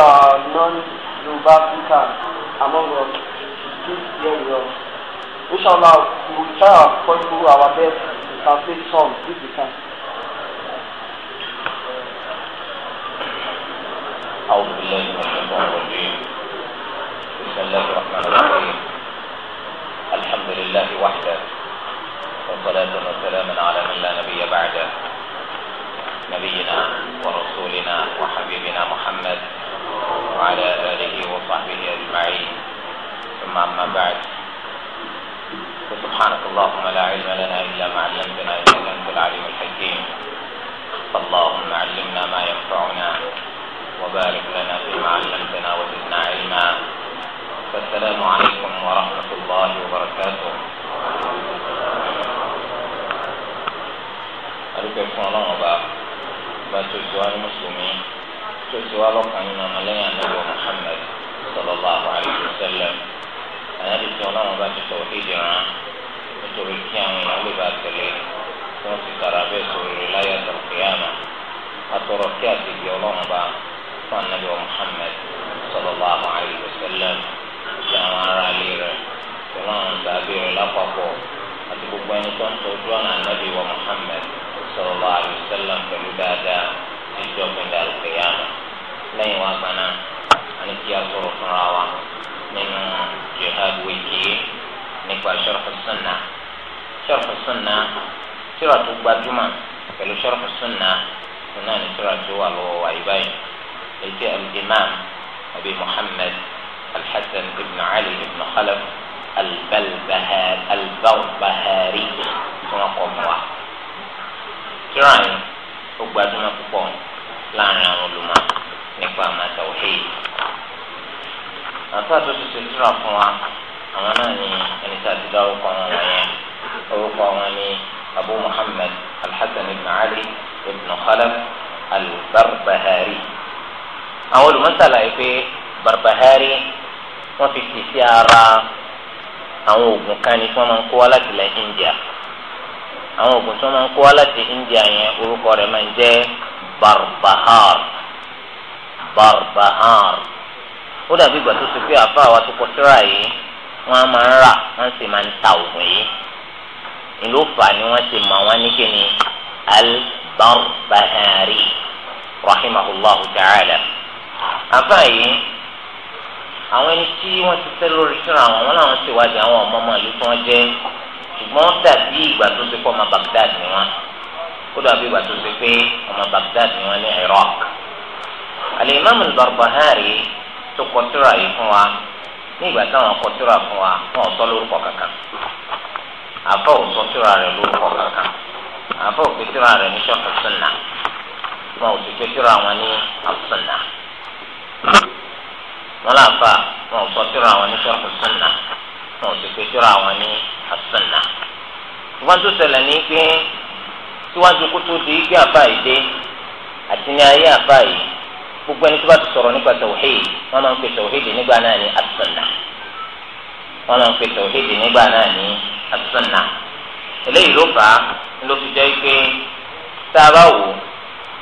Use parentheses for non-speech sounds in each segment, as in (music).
are non-Yoruba speakers among us this year with us. Inshallah, we will try our possible our best to translate some if we can. أعوذ بالله من الشيطان الرجيم بسم الله الرحمن الرحيم الحمد لله وحده والصلاة والسلام على من لا نبي بعده نبينا ورسولنا وحبيبنا محمد وعلى آله وصحبه أجمعين ثم أما بعد فسبحانك اللهم لا علم لنا إلا ما علمتنا إنك أنت العليم الحكيم اللهم علمنا ما ينفعنا وبارك لنا فيما علمتنا وزدنا علما فالسلام عليكم ورحمة الله وبركاته أرجو الله وبارك باتوا سؤال مسلمين tó ti wá lọ́kàn nínú ọmọlẹ́yìn anábọ̀ Muhammad sallallahu alaihi wasallam àyàbí tí wọn náà bá ti sọ ìdí rán nítorí kí àwọn èèyàn lè bá tẹ̀lé tí wọ́n ti tara bẹ́ẹ̀ sọ̀rọ̀ rẹ̀ láyé àtàkùyàmà àtọ̀rọ̀ kí àtẹ̀gbẹ́ ọlọ́run bá fún anábọ̀ Muhammad sallallahu alaihi wasallam ti àwọn ará ilé rẹ̀ tí wọ́n ń sàbẹ̀ rẹ̀ lápapọ̀ àti gbogbo ẹni tó ń tọ́jú ọ̀nà anábì wa Muhammad sallallahu alaihi wasallam pẹ̀lú dáadáa níjọ́ gbẹ̀dẹ̀ lẹ́yìn wa mana àní kí a sọ̀rọ̀ fúnra wa nínú jihad wiki nípa sharh sunna sharhu sunna tíra tó gbajúmọ̀ pẹ̀lú sharh sunna sunna ni sura tu wa yìí ibai bayii ètí al-imam abi muhammad al-hasan ibn ali ibn khalaf al-barbahari tí wọ́n kọ́ fún wa tíra yìí ó gbajúmọ̀ púpọ̀ láàrin àwọn olùmọ̀. nípa àmàtà òhèyí àfa tó ti ṣe tura fún wa àwọn náà ni ẹni tí a ti dá orúkọ wọn wọ̀nyẹn orúkọ wọn ni abu muhammad alhassan ibn ali ibn khalaf albarbahari àwọn olùmọ̀sálà yìí pé barbahari wọ́n fi tì sí ara àwọn oògùn kan ni tí wọ́n kó wá láti ilẹ̀ india àwọn oògùn tí wọ́n máa ń kó wá láti india yẹn orúkọ rẹ̀ máa ń jẹ́ barbahar barbahar ó dàbí ìgbà tó ti pé àfa àwa tó kọ tírà yìí wọ́n á máa ń rà wọ́n sì máa ń ta òògùn yìí ìlú fà ni wọ́n ti mọ̀ wọ́n ní kíni albarbahari rahimahullahu ta'ala àfa yìí àwọn ẹni tí wọ́n ti fẹ́ lórí tírà wọn wọn làwọn ti wájú àwọn ọmọ ọmọ ìlú tí wọ́n jẹ́ ṣùgbọ́n ó dàbí ìgbà tó ti pé ọmọ Baghdad ni wọ́n ó dàbí ìgbà tó ti pé ọmọ Baghdad ni wọ́n ní Iraq alimami Barbahari tó kọtura yìí fún wa nígbà táwọn kọtura fún wa wọn ò sọ lórúkọ kankan àfọ ò sọ tura rẹ̀ lórúkọ kankan àfọ ò pètura rẹ̀ ní sọfún sunna wọn ò sì pètura wọn ní asunna wọn làǹfà wọn ò sọ tura wọn ní sọfún sunna wọn ò wọn ní asunna wọn tó ṣẹlẹ̀ ní pé síwájú kótó di igi àbá yìí dé àti ní ayé àbá yìí gbogbo ẹni tó bá ti sọ̀rọ̀ nípa tawhid wọn máa ń pè tawhid nígbà náà ní as-sunnah wọn máa ń pè tawhid nígbà náà ní as-sunnah eléyìí ló fà á ló fi jẹ́ pé tá a bá wò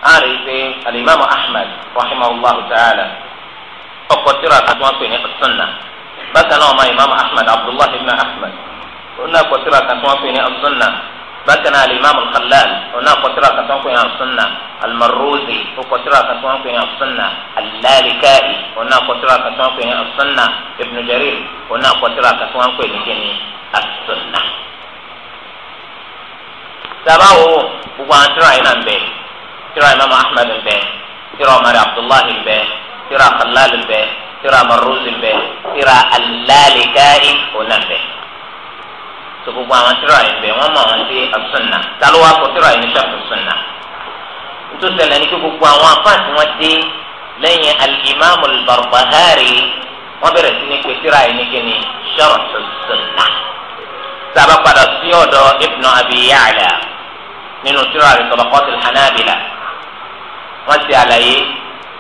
á rí i pé alimami ahmed rahimahullahu ta'ala ọkọ̀ tíra kan tí wọ́n pè ní as-sunnah bákan náà ọmọ imam ahmed abdullahi ibn ahmed ó ní ọkọ̀ tíra kan tí wọ́n pè ní as-sunnah bákan náà alimami khalal ọ̀nà kọtira kan tó ń pè hàn sunna almaruzi ó kọtira kan tó ń pè hàn sunna alalikai ọ̀nà kọtira kan tó ń pè hàn sunna ibnu jarir ọ̀nà kọtira kan tó ń pè ní kíni asunna. sábàá wo gbogbo àwọn tíra yìí náà ń bẹ tíra imam ahmed ń bẹ tíra umar abdullahi ń bẹ tíra khalal ń bẹ tíra maruzi ń bẹ tíra alalikai ọ̀nà ń bẹ tó gbogbo àwọn tíra yìí bẹ̀ wọ́n mọ̀ wọ́n sí asúnà tálọ́ wá kó tíra yìí ní sọ́ọ̀tù súnà nítorí ṣẹlẹ̀ ní kí gbogbo àwọn afáàtì wọn dé lẹ́yìn al-imam al-barbahari wọ́n bẹ̀rẹ̀ sí ní pé tíra yìí ní kí ni sọ́ọ̀tù súnà sábà padà sí ọ̀dọ̀ ibn abi nínú tíra rẹ̀ tabaqat al-hanabila wọ́n ti àlàyé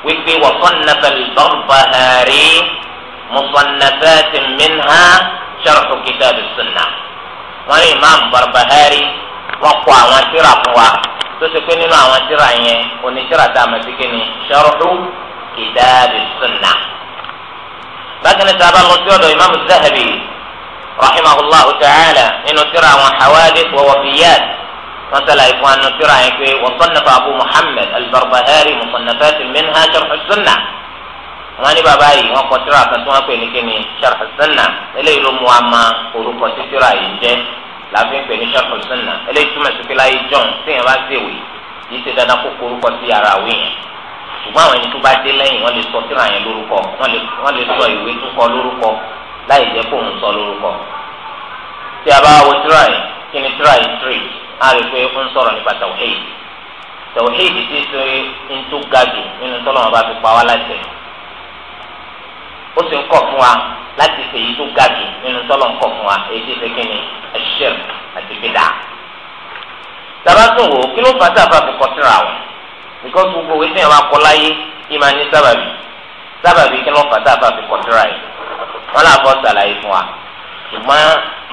wípé wa sannafa al-barbahari musannafatin minha sharh kitab as wọ́n rí imam barbahari wọ́n kọ àwọn tíra fún wa tó ṣe pé nínú àwọn tíra yẹn onítíra tá a mọ̀ sí kíni ṣọ́rọ̀dù ìdáàbí sunna. bákan náà sábà lọ sí ọ̀dọ̀ imam zahabi rahimahulahu ta'ala nínú tíra àwọn hawadith wa wafiyat wọ́n sẹ́la ìfún àwọn tíra yẹn pé wọ́n sọ́nà fún abu muhammed albarbahari musannafat minha sharhu sunna. àwọn ní bàbá yìí wọn kọ tíra kan tí wọn pè ní kíni sharh sunna eléyìí ló mú wa ma orúkọ tí tíra yìí jẹ làbí pè ní sharh eléyìí túmọ̀ sí pé láyé john tíyẹn bá ṣèwé yìí ṣe dandan kó korúkọ sí ara àwé yẹn ṣùgbọ́n àwọn ẹni tó bá dé lẹ́yìn wọ́n lè sọ tíra yẹn lórúkọ wọ́n lè sọ ìwé tó kọ lórúkọ láì jẹ́ kó òun sọ lórúkọ. tí a bá wo tíra yìí kí ni tíra yìí tírì á rí pé ó ń sọ̀rọ̀ nípa tawhid tawhid ti ṣe ń tó ga nínú tọ́lọ́mọba fi pa wá láti ẹ̀ ó sì ń kọ̀ fún wa láti ṣe èyí tó ga jù nínú tọ́lọ̀ ń kọ̀ fún wa èyí tó ṣe kíni ẹ̀ṣẹ̀ àti bídà. sábà tún wò ó kí ló fà á sábà fi kọ́ síra wọn because gbogbo òwe tí yẹn máa kọ láyé yìí máa ní sábàbí sábàbí kí ló fà á sábà fi kọ́ síra yìí wọn là bọ́ sàlàyé fún wa ṣùgbọ́n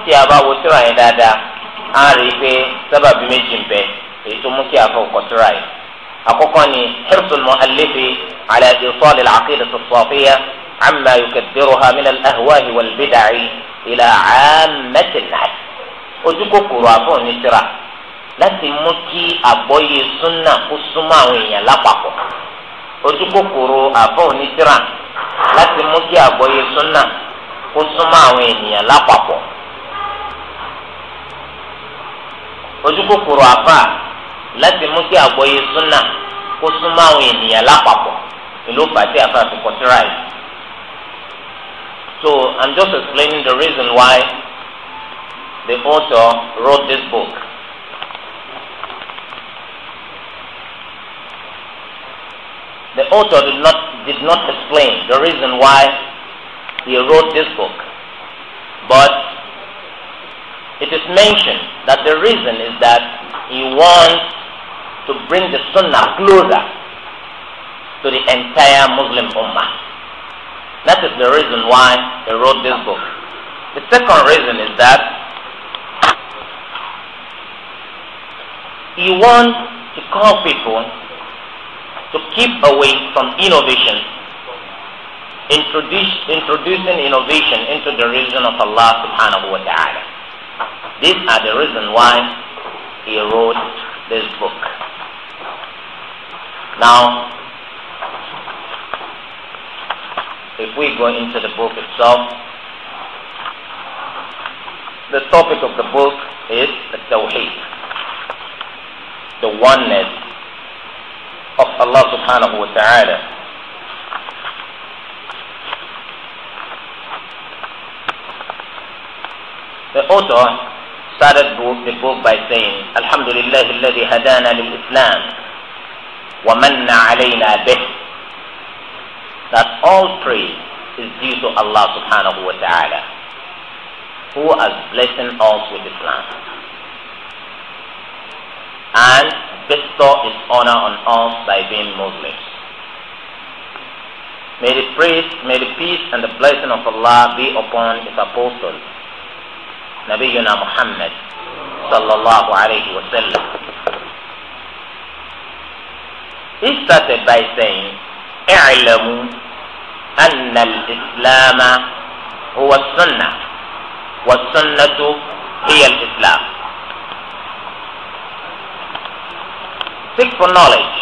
tí a bá wo síra yẹn dáadáa á rí i pé sábàbí méjì ń bẹ èyí tó mú kí a fọ kọ́ síra yìí àkọ́kọ́ ni hirsul mu'allifi ala عما يكبرها من الأهواء والبدع إلى عامة الناس ojúkòkòrò àfọ̀nìtìrà láti mú kí àgbọ́yé súnà kó súnmọ́ àwọn èèyàn lápapọ̀ ojúkòkòrò àfọ̀nìtìrà láti mú kí àgbọ́yé súnà kó súnmọ́ àwọn ènìyàn lápapọ̀ ojúkòkòrò àfà láti mú kí àgbọ́yé súnà kó súnmọ́ àwọn ènìyàn lápapọ̀ ìlú fàtí àfà fi kọ́ So I'm just explaining the reason why the author wrote this book. The author did not, did not explain the reason why he wrote this book. But it is mentioned that the reason is that he wants to bring the sunnah closer to the entire Muslim ummah. That is the reason why he wrote this book. The second reason is that he wants to call people to keep away from innovation, introduce, introducing innovation into the religion of Allah subhanahu wa ta'ala. These are the reason why he wrote this book. Now, if we go into the book itself, the topic of the book is the Tawheed, the oneness of Allah subhanahu wa ta'ala. The author started the book by saying, Alhamdulillah, الذي هدانا للإسلام ومن علينا به that all praise is due to Allah subhanahu wa ta'ala who has blessed us with Islam and bestow his honor on us by being Muslims. May the praise, may the peace and the blessing of Allah be upon his apostle, Nabiyuna Muhammad sallallahu alayhi wa sallam. He started by saying, اعلموا أن الإسلام هو السنة والسنة هي الإسلام Seek for knowledge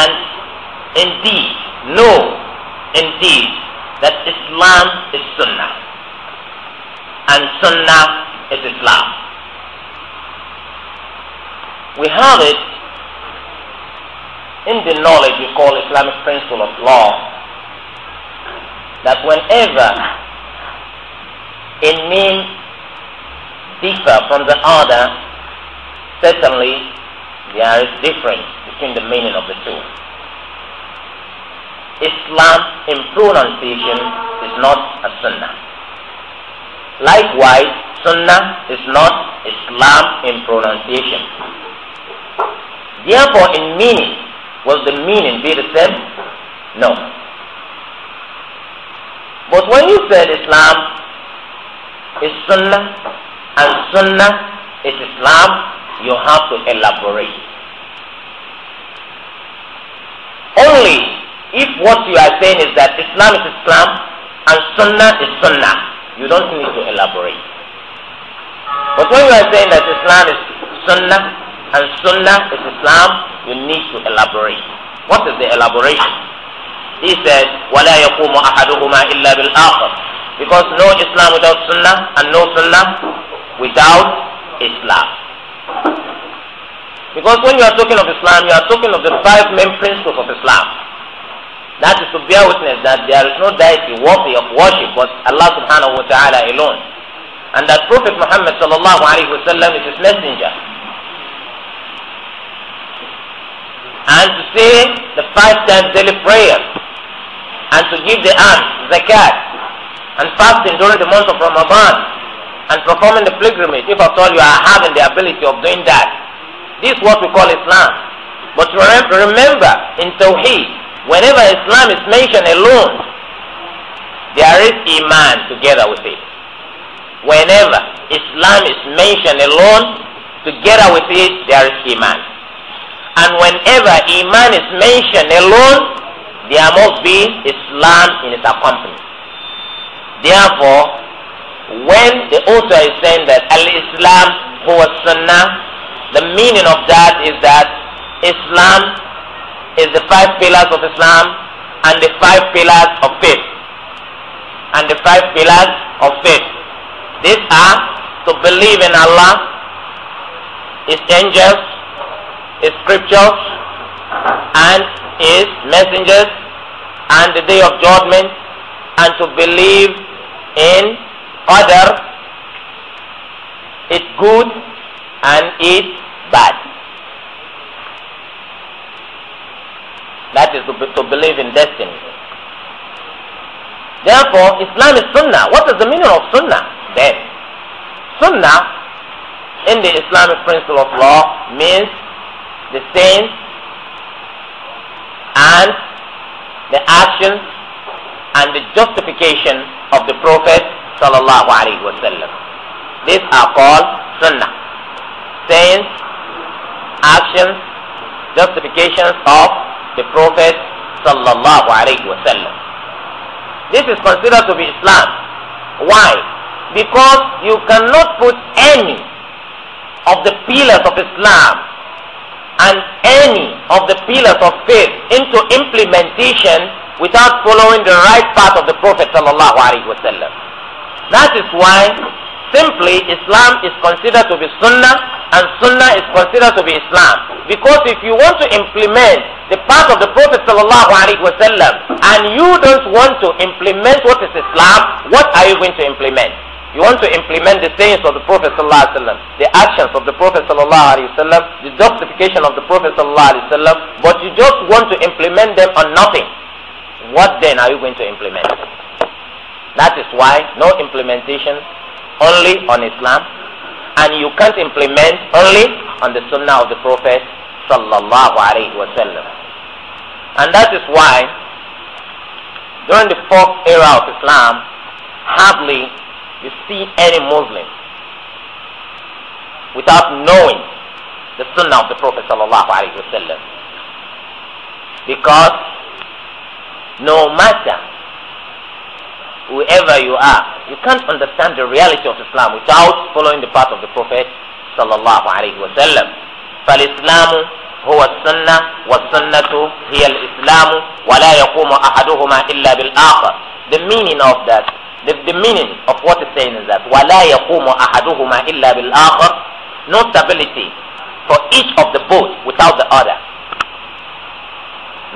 and indeed know indeed that Islam is Sunnah and Sunnah is Islam. We have it in the knowledge we call Islamic principle of law that whenever a name differ from the other, certainly there is difference between the meaning of the two. Islam in pronunciation is not a sunnah. Likewise, sunnah is not Islam in pronunciation. Therefore, in meaning, Was the meaning be the same? No. But when you said Islam is Sunnah and Sunnah is Islam, you have to elaborate. Only if what you are saying is that Islam is Islam and Sunnah is Sunnah, you don't need to elaborate. But when you are saying that Islam is Sunnah And Sunnah is Islam, you need to elaborate. What is the elaboration? He said, وَلَا يَقُومُ أَحَدُهُمَا إِلَّا بِالْآخَرِ Because no Islam without Sunnah, and no Sunnah without Islam. Because when you are talking of Islam, you are talking of the five main principles of Islam. That is to bear witness that there is no deity worthy of worship but Allah subhanahu wa ta'ala alone. And that Prophet Muhammad sallallahu alayhi wa sallam is his messenger. and to say the five times daily prayers and to give the alms, zakat, and fasting during the month of Ramadan and performing the pilgrimage if at all you are having the ability of doing that. This is what we call Islam. But remember, in Tawheed, whenever Islam is mentioned alone, there is Iman together with it. Whenever Islam is mentioned alone, together with it, there is Iman. And whenever Iman is mentioned alone, there must be Islam in its accompaniment. Therefore, when the author is saying that Al-Islam huwa Sunnah, the meaning of that is that Islam is the five pillars of Islam and the five pillars of faith. And the five pillars of faith. These are to believe in Allah, His angels, His scriptures and His messengers and the day of judgment and to believe in other its good and its bad. That is to, be, to believe in destiny. Therefore, Islam is Sunnah. What is the meaning of Sunnah then? Sunnah in the Islamic principle of law means the sayings and the action and the justification of the Prophet sallallahu alaihi wasallam. These are called sunnah. Sayings, actions, justifications of the Prophet sallallahu alaihi wasallam. This is considered to be Islam. Why? Because you cannot put any of the pillars of Islam and any of the pillars of faith into implementation without following the right path of the Prophet sallallahu alaihi wasallam. That is why simply Islam is considered to be Sunnah and Sunnah is considered to be Islam. Because if you want to implement the path of the Prophet sallallahu alaihi wasallam and you don't want to implement what is Islam, what are you going to implement? You want to implement the sayings of the Prophet wasallam, the actions of the Prophet wasallam, the justification of the Prophet wasallam, but you just want to implement them on nothing. What then are you going to implement? That is why no implementation only on Islam, and you can't implement only on the Sunnah of the Prophet sallallahu alaihi wasallam. And that is why during the fourth era of Islam, hardly you see any Muslim without knowing the sunnah of the Prophet sallallahu alaihi wasallam. Because no matter whoever you are, you can't understand the reality of Islam without following the path of the Prophet sallallahu alaihi wasallam. فالإسلام هو السنة والسنة هي الإسلام ولا يقوم أحدهما إلا بالآخر. The meaning of that the, the meaning of what he's saying is that وَلَا يَقُومُ أَحَدُهُمَا إِلَّا بِالْآخَرِ No stability for each of the both without the other.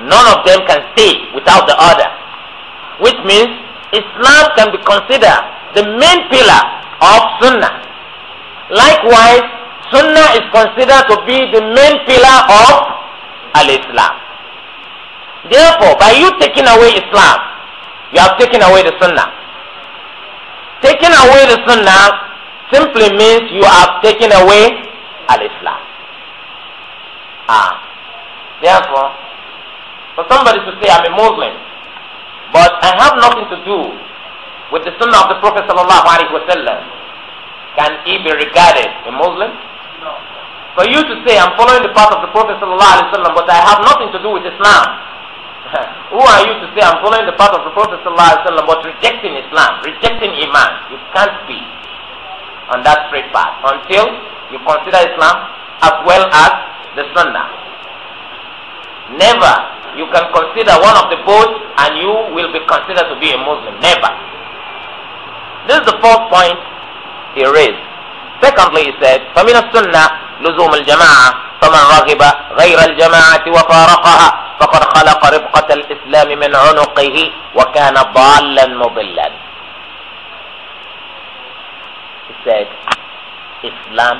None of them can stay without the other. Which means Islam can be considered the main pillar of Sunnah. Likewise, Sunnah is considered to be the main pillar of Al-Islam. Therefore, by you taking away Islam, you have taken away the Sunnah. Taking away the sunnah simply means you have taken away al Islam. Ah. Therefore, for somebody to say, I'm a Muslim, but I have nothing to do with the sunnah of the Prophet wasallam, can he be regarded a Muslim? No. For you to say, I'm following the path of the Prophet wasallam, but I have nothing to do with Islam, (laughs) Who are you to say I'm following the path of the Prophet ﷺ but rejecting Islam, rejecting Iman? You can't be on that straight path until you consider Islam as well as the Sunnah. Never you can consider one of the both and you will be considered to be a Muslim. Never. This is the fourth point he raised. Secondly, he said, فَمِنَ السُّنَّةِ لُزُومُ الْجَمَاعَةِ فَمَنْ رَغِبَ غَيْرَ الْجَمَاعَةِ وَفَارَقَهَا فقد خلق رفقة الإسلام من عنقه وكان ضالا مضلا He said Islam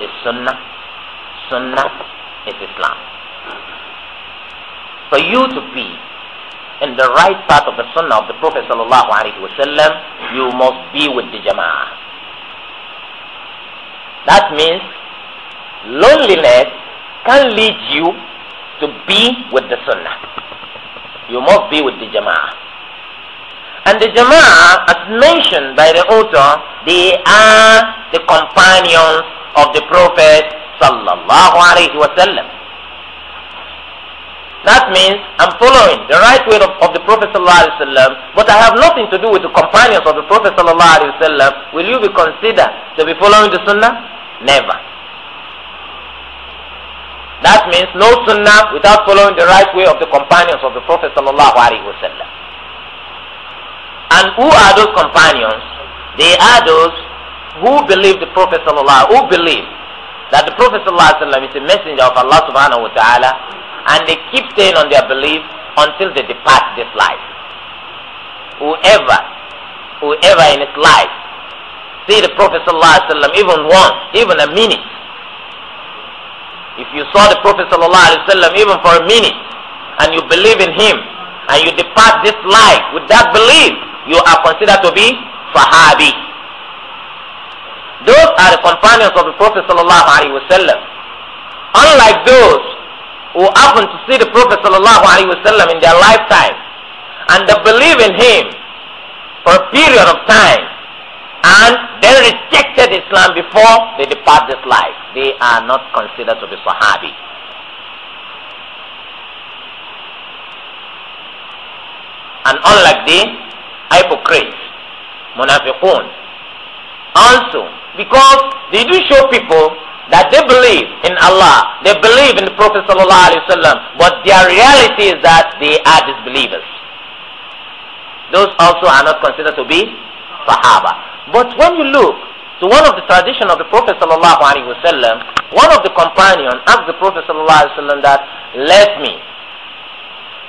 is Sunnah Sunnah is Islam For you to be in the right path of the Sunnah of the Prophet الله عليه وسلم you must be with the Jama'ah. That means loneliness can lead you to be with the sunnah. You must be with the jama'ah. And the jama'ah, as mentioned by the author, they are the companions of the Prophet sallallahu alaihi wasallam. That means I'm following the right way of, of the Prophet sallallahu alaihi wasallam, but I have nothing to do with the companions of the Prophet sallallahu alaihi wasallam. Will you be considered to be following the Sunnah? Never. That means no sunnah without following the right way of the companions of the Prophet sallallahu alaihi wasallam. And who are those companions? They are those who believe the Prophet sallallahu who believe that the Prophet sallallahu alaihi wasallam is a messenger of Allah subhanahu wa taala, and they keep staying on their belief until they depart this life. Whoever, whoever in his life see the Prophet sallallahu alaihi wasallam even once, even a minute If you saw the Prophet sallallahu alaihi wasallam even for a minute, and you believe in him, and you depart this life with that belief, you are considered to be Sahabi. Those are the companions of the Prophet sallallahu alaihi wasallam. Unlike those who happen to see the Prophet sallallahu alaihi wasallam in their lifetime, and they believe in him for a period of time and they rejected Islam before they depart this life. They are not considered to be Sahabi. And unlike the hypocrites, munafiqun, also because they do show people that they believe in Allah, they believe in the Prophet sallallahu alaihi wasallam, but their reality is that they are disbelievers. Those also are not considered to be Sahaba. But when you look to one of the tradition of the Prophet sallallahu alaihi wasallam, one of the companion asked the Prophet sallallahu alaihi wasallam that, "Let me,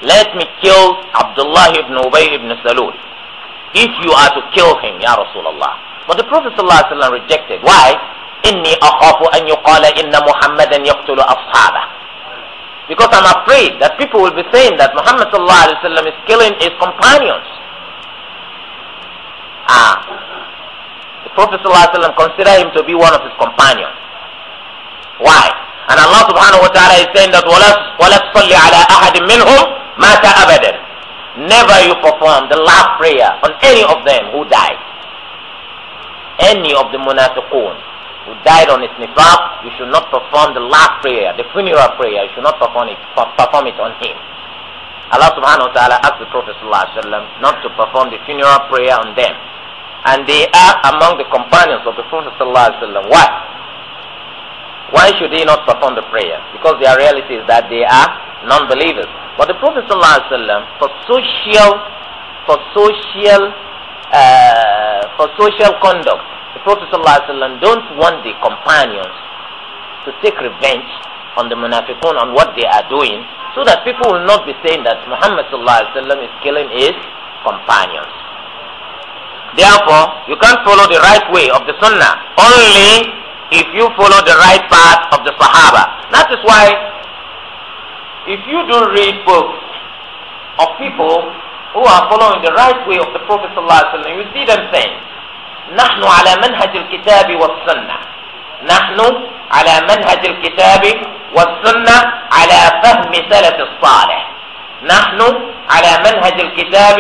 let me kill Abdullah ibn Ubay ibn Salul, if you are to kill him, Ya Rasulullah." But the Prophet sallallahu alaihi wasallam rejected. Why? إني أخاف أن يقال إن محمدا يقتل أصحابه. Because I'm afraid that people will be saying that Muhammad sallallahu alaihi wasallam is killing his companions. Ah, Prophet ﷺ considered him to be one of his companions. Why? And Allah subhanahu wa ta'ala is saying that وَلَا تُصَلِّ عَلَىٰ أَحَدٍ مِّنْهُمْ مَاتَ أَبَدًا Never you perform the last prayer on any of them who died. Any of the munafiqun who died on his nifaq, you should not perform the last prayer, the funeral prayer, you should not perform it, perform it on him. Allah subhanahu wa ta'ala asked the Prophet ﷺ not to perform the funeral prayer on them and they are among the companions of the Prophet ﷺ. Why? Why should they not perform the prayer? Because their reality is that they are non-believers. But the Prophet ﷺ, for social, for social, uh, for social conduct, the Prophet ﷺ don't want the companions to take revenge on the munafiqun on what they are doing, so that people will not be saying that Muhammad ﷺ is killing his companions. Therefore, you can't follow the right way of the Sunnah only if you follow the right path of the Sahaba. That is why, if you do read books of people who are following the right way of the Prophet ﷺ, you see them saying, نحن على منهج الكتاب والسنة نحن على منهج الكتاب والسنة على فهم سلف الصالح نحن على منهج الكتاب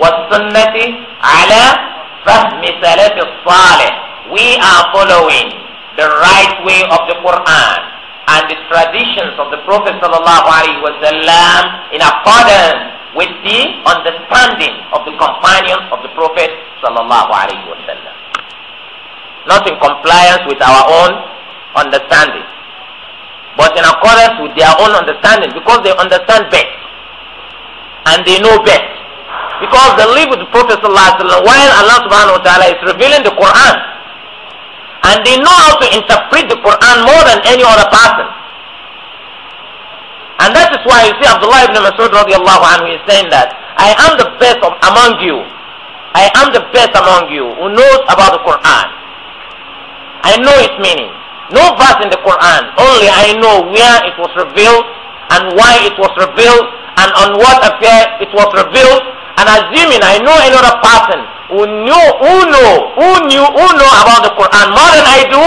والسنة على فهم سلف الصالح we are following the right way of the Quran and the traditions of the Prophet sallallahu alaihi wasallam in accordance with the understanding of the companions of the Prophet sallallahu alaihi wasallam not in compliance with our own understanding but in accordance with their own understanding because they understand best and they know best because they live with the Prophet ﷺ while Allah subhanahu wa ta'ala is revealing the Quran. And they know how to interpret the Quran more than any other person. And that is why you see Abdullah ibn Masud radiallahu anhu is saying that I am the best of, among you. I am the best among you who knows about the Quran. I know its meaning. No verse in the Quran. Only I know where it was revealed and why it was revealed and on what affair it was revealed and assuming I know another person who knew, who know, who knew, who know about the Quran more than I do,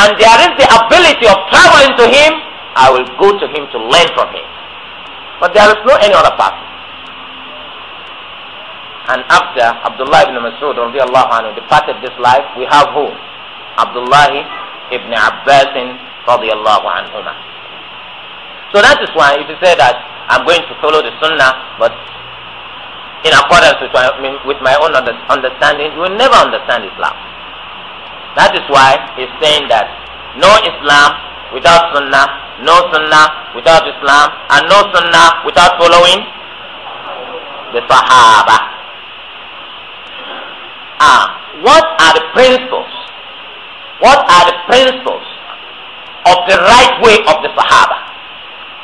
and there is the ability of traveling to him, I will go to him to learn from him. But there is no any other person. And after Abdullah ibn Masud radiallahu anhu departed this life, we have who? Abdullah ibn Abbas radiallahu anhu. So that is why if you say that I'm going to follow the sunnah, but in accordance with my, with my own understanding, you will never understand Islam. That is why he's saying that no Islam without Sunnah, no Sunnah without Islam, and no Sunnah without following the Sahaba. Ah, what are the principles? What are the principles of the right way of the Sahaba?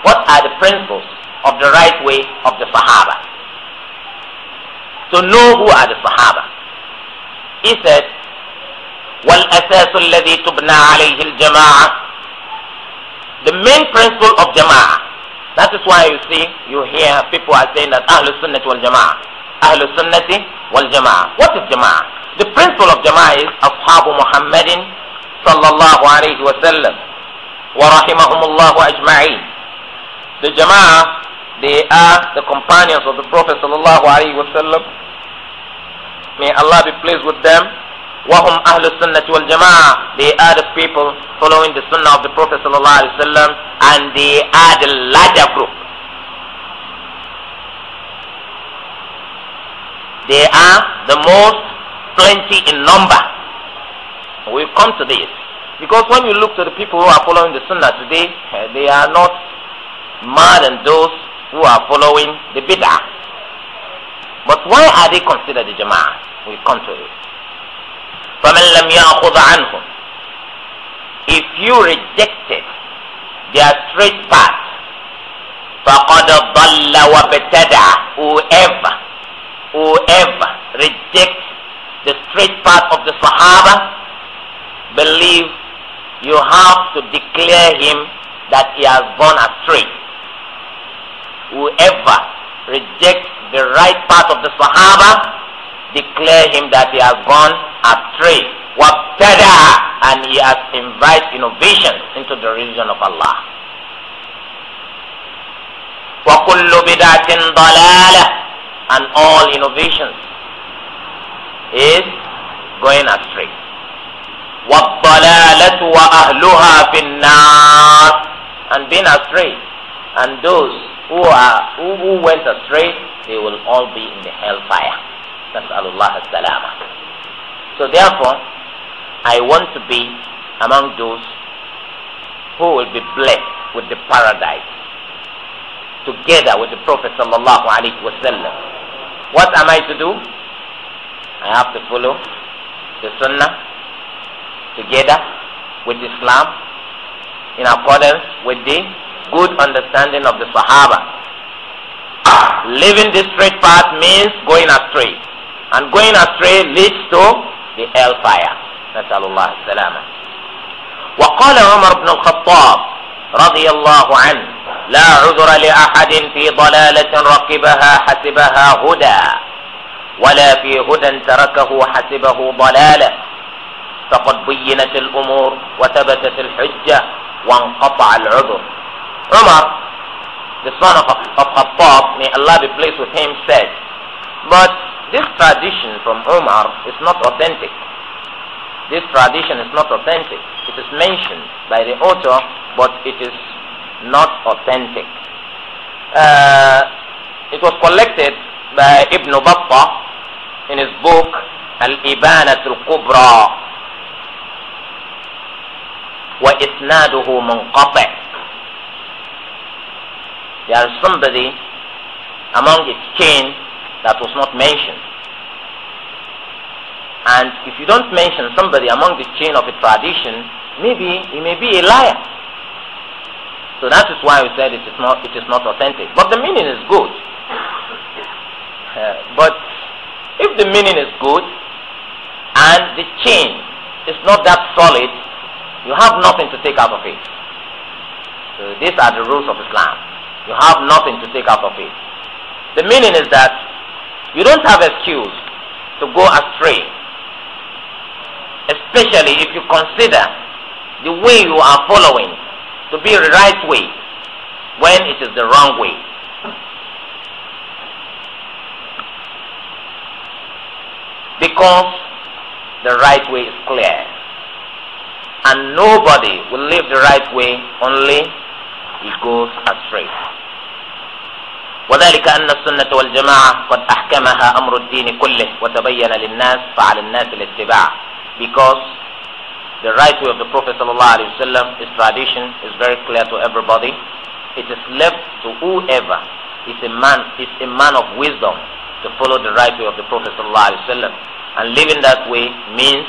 What are the principles of the right way of the Sahaba? to know who are the Sahaba. He said, وَالْأَسَاسُ الَّذِي تُبْنَى عَلَيْهِ الْجَمَاعَةِ The main principle of Jama'ah. That is why you see, you hear people are saying that Ahlul Sunnati wal Jama'ah. Ahlul Sunnati wal Jama'ah. What is Jama'ah? The principle of Jama'ah is Ashabu Muhammadin sallallahu alayhi wa sallam wa rahimahumullahu ajma'in. The Jama'ah They are the companions of the Prophet sallallahu alaihi wasallam. May Allah be pleased with them. وهم أهل السنة Jamaa. they are the people following the sunnah of the Prophet صلى and they are the larger group they are the most plenty in number we come to this because when you look to the people who are following the sunnah today eh, they are not more than those who are following the bid'ah. But why are they considered the jama'ah? We come to it. فَمَنْ لَمْ يَأْخُذَ عَنْهُمْ If you rejected their straight path, فَقَدْ ضَلَّ وَبَتَدَعَ Whoever, whoever rejects the straight path of the Sahaba, believe you have to declare him that he has gone astray. whoever rejects the right path of the Sahaba, declare him that he has gone astray. Wabtada, and he has invited innovation into the religion of Allah. وَكُلُّ بِدَعْتٍ ضَلَالَةٍ And all innovations is going astray. وَالضَّلَالَةُ وَأَهْلُهَا فِي النَّارِ And being astray, and those who are who, who went astray, they will all be in the hellfire. Nas'alullah salama. So therefore, I want to be among those who will be blessed with the paradise together with the Prophet sallallahu alaihi wasallam. What am I to do? I have to follow the Sunnah together with Islam in accordance with the good understanding of the Sahaba. Living the straight path means going astray. And going astray leads to the hellfire. نسأل الله السلامة. وقال عمر بن الخطاب رضي الله عنه لا عذر لأحد في ضلالة ركبها حسبها هدى ولا في هدى تركه حسبه ضلالة فقد بينت الأمور وثبتت الحجة وانقطع العذر Umar, the son of, of Khattab, may Allah be pleased with him, said, But this tradition from Umar is not authentic. This tradition is not authentic. It is mentioned by the author, but it is not authentic. Uh, it was collected by Ibn Battah in his book Al-Ibanat al-Kubra وإسناده منقطع there is somebody among its chain that was not mentioned. And if you don't mention somebody among the chain of a tradition, maybe he may be a liar. So that is why we said it is not it is not authentic. But the meaning is good. Uh, but if the meaning is good and the chain is not that solid, you have nothing to take out of it. So these are the rules of Islam. You have nothing to take out of it. The meaning is that you don't have excuse to go astray, especially if you consider the way you are following to be the right way when it is the wrong way. Because the right way is clear. And nobody will live the right way only it goes astray. وذلك أن السنة والجماعة قد أحكمها أمر الدين كله وتبين للناس فعلى الناس الاتباع because the right way of the Prophet صلى الله عليه وسلم tradition is very clear to everybody it is left to whoever is a man is a man of wisdom to follow the right way of the Prophet صلى الله عليه وسلم and living that way means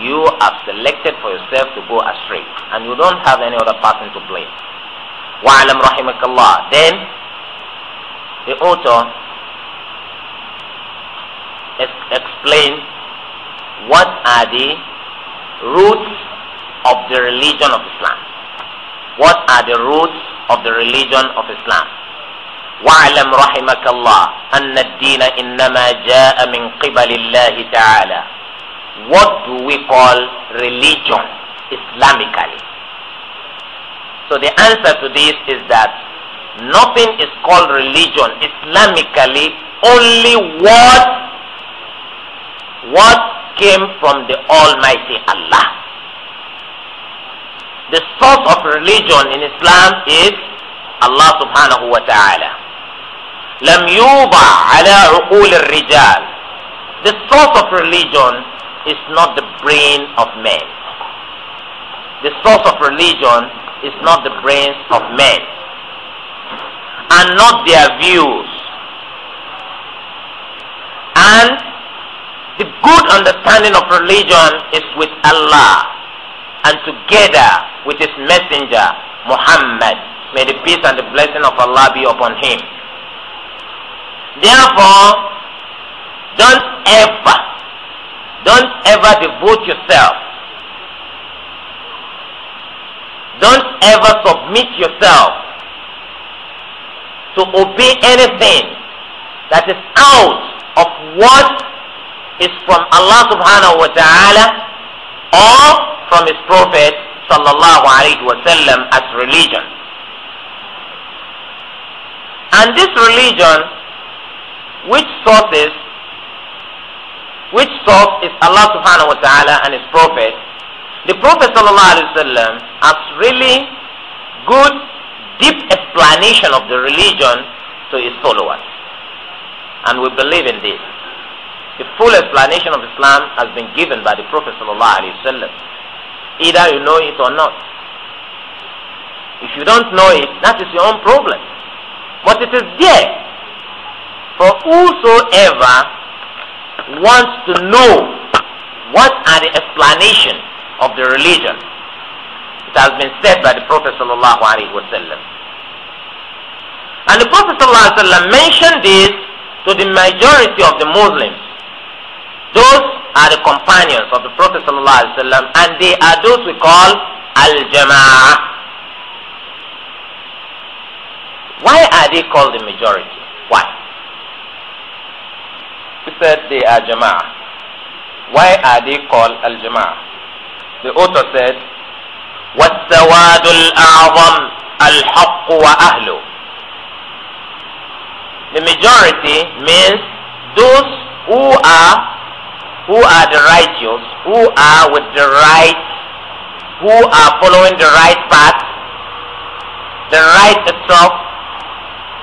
you have selected for yourself to go astray and you don't have any other person to blame wa'lam rahimakallah then the author explains what are the roots of the religion of Islam. What are the roots of the religion of Islam? واعلم rahimakallah. الله أن الدين إنما جاء من قبل الله تعالى. What do we call religion Islamically? So the answer to this is that nothing is called religion Islamically, only what what came from the Almighty Allah. The source of religion in Islam is Allah subhanahu wa ta'ala. لم يوضع على عقول الرجال The source of religion is not the brain of men. The source of religion is not the brains of men and not their views. And the good understanding of religion is with Allah and together with His Messenger Muhammad. May the peace and the blessing of Allah be upon him. Therefore, don't ever, don't ever devote yourself Don't ever submit yourself to obey anything that is out of what is from Allah subhanahu wa ta'ala or from His Prophet sallallahu alayhi wa sallam as religion. And this religion, which sources, which source is Allah subhanahu wa ta'ala and His Prophet, the Prophet sallallahu alayhi wa sallam as really good, deep explanation of the religion to his followers. And we believe in this. The full explanation of Islam has been given by the Prophet ﷺ. Either you know it or not. If you don't know it, that is your own problem. But it is there for whosoever wants to know what are the explanations of the religion has been said by the Prophet sallallahu alaihi wasallam. And the Prophet sallallahu alaihi wasallam mentioned this to the majority of the Muslims. Those are the companions of the Prophet sallallahu alaihi wasallam, and they are those we call al-jama'ah. Why are they called the majority? Why? We said they are Jama'ah. Why are they called Al Jama'ah? The author said, والسواد الأعظم الحق وأهله The majority means those who are who are the righteous, who are with the right, who are following the right path, the right itself,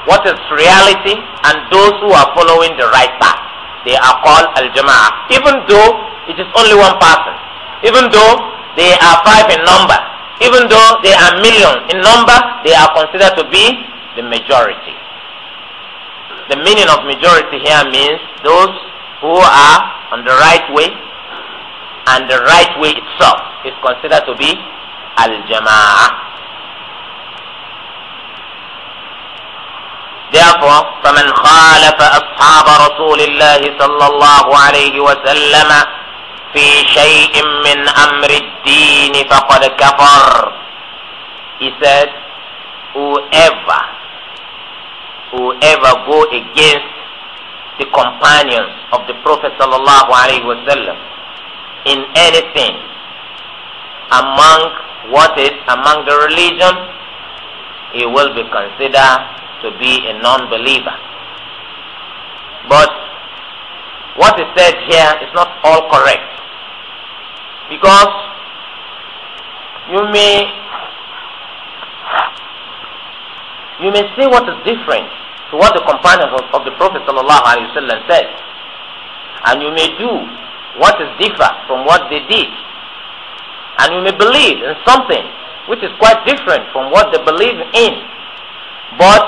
what is reality, and those who are following the right path. They are called Al-Jama'ah. Even though it is only one person, even though they are five in number, even though they are million in number, they are considered to be the majority. The meaning of majority here means those who are on the right way, and the right way itself is considered to be al jamaah. Therefore, فمن خالف أصحاب رسول الله صلى الله عليه وسلم في شيء من أمر الدين فقد كفر He said, whoever, whoever go against the companions of the Prophet sallallahu alaihi wasallam in anything among what is among the religion, he will be considered to be a non-believer. But what is said here is not all correct because you may you may see what is different to what the companions of, of the Prophet said, and you may do what is different from what they did, and you may believe in something which is quite different from what they believe in, but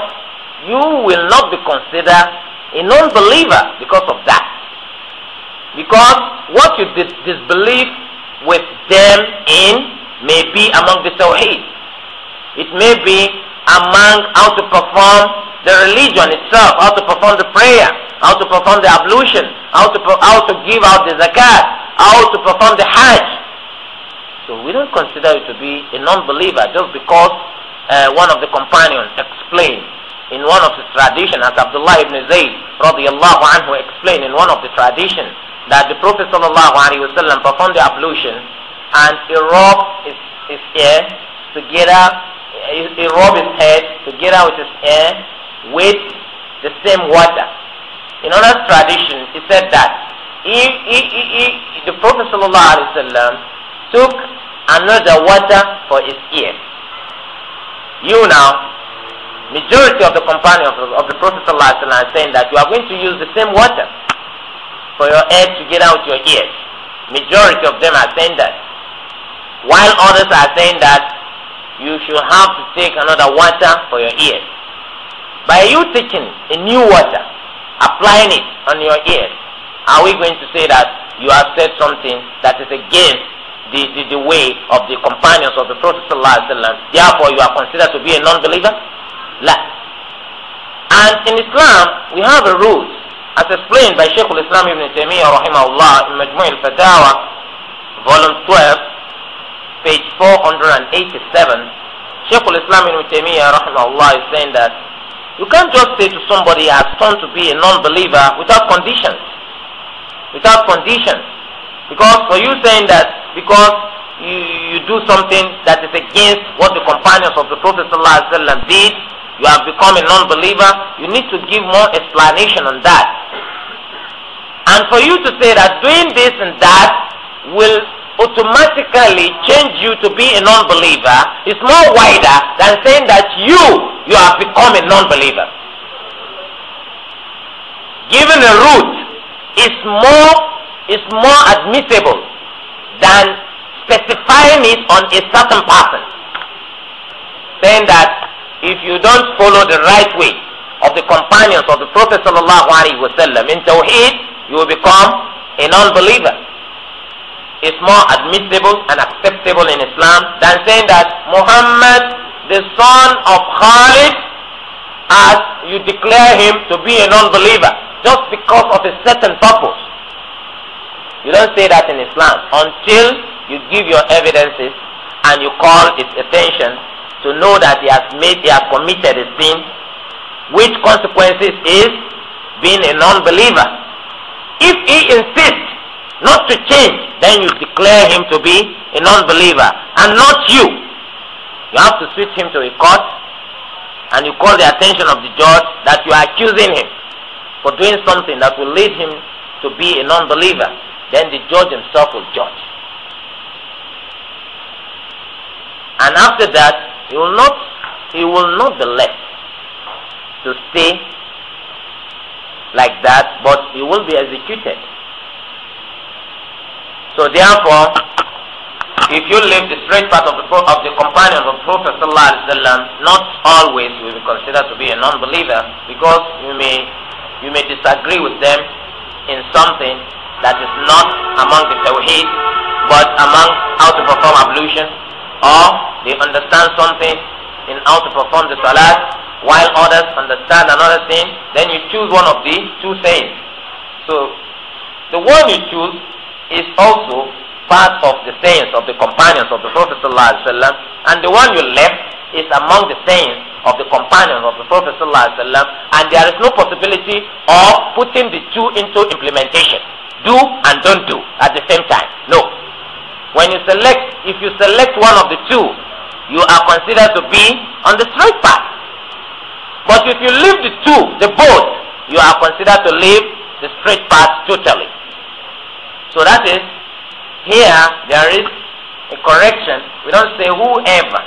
you will not be considered a non-believer because of that. Because what you dis- disbelieve with them in may be among the Tawheed. It may be among how to perform the religion itself, how to perform the prayer, how to perform the ablution, how to, how to give out the zakat, how to perform the hajj. So we don't consider you to be a non-believer just because uh, one of the companions explained in one of the traditions. as Abdullah ibn Zayd radiallahu anhu explained in one of the traditions, that the Prophet sallallahu alaihi wasallam performed the ablution and he rubbed his, his hair together, he, he rubbed his head together with his ear with the same water. In other tradition, he said that the Prophet sallallahu alaihi wasallam took another water for his ear, you now majority of the companions of, of the Prophet sallallahu alaihi wasallam are saying that you are going to use the same water for your head to get out your ears. Majority of them are saying that. While others are saying that you should have to take another water for your ears. By you taking a new water, applying it on your ears, are we going to say that you have said something that is against the, the, the way of the companions of the Prophet therefore you are considered to be a non-believer? La. And in Islam, we have a rule as explained by Sheikh al-Islam Ibn Taymiyyah rahimahullah in Majmu' al-Fatawa, volume 12, page 487, Sheikh al-Islam Ibn Taymiyyah rahimahullah is saying that you can't just say to somebody has turned to be a non-believer without conditions. Without conditions. Because for you saying that because you, you do something that is against what the companions of the Prophet did, you have become a non-believer, you need to give more explanation on that. And for you to say that doing this and that will automatically change you to be a non-believer is more wider than saying that you, you have become a non-believer. Given a root is more, is more admissible than specifying it on a certain person. Saying that if you don't follow the right way of the companions of the Prophet sallallahu alaihi wasallam in Tawheed, you will become a non-believer. It's more admissible and acceptable in Islam than saying that Muhammad, the son of Khalid, as you declare him to be a non-believer, just because of a certain purpose. You don't say that in Islam until you give your evidences and you call its attention to know that he has made he has committed a sin, which consequences is being a non-believer. If he insists not to change, then you declare him to be a non-believer and not you. You have to switch him to a court and you call the attention of the judge that you are accusing him for doing something that will lead him to be a non-believer. Then the judge himself will judge. And after that, he will not, he will not be left to stay like that, but he will be executed. So therefore, if you live the straight path of the, of the companion of the Prophet not always you will be considered to be a non-believer because you may, you may disagree with them in something that is not among the Tawheed, but among how to perform ablution, or they understand something in how to perform the salat while others understand another thing, then you choose one of the two things. So the one you choose is also part of the sayings of the companions of the Prophet ﷺ, and the one you left is among the sayings of the companions of the Prophet ﷺ, and there is no possibility of putting the two into implementation. Do and don't do at the same time. No. When you select, if you select one of the two, you are considered to be on the straight path. But if you leave the two, the both, you are considered to leave the straight path totally. So that is, here there is a correction. We don't say whoever,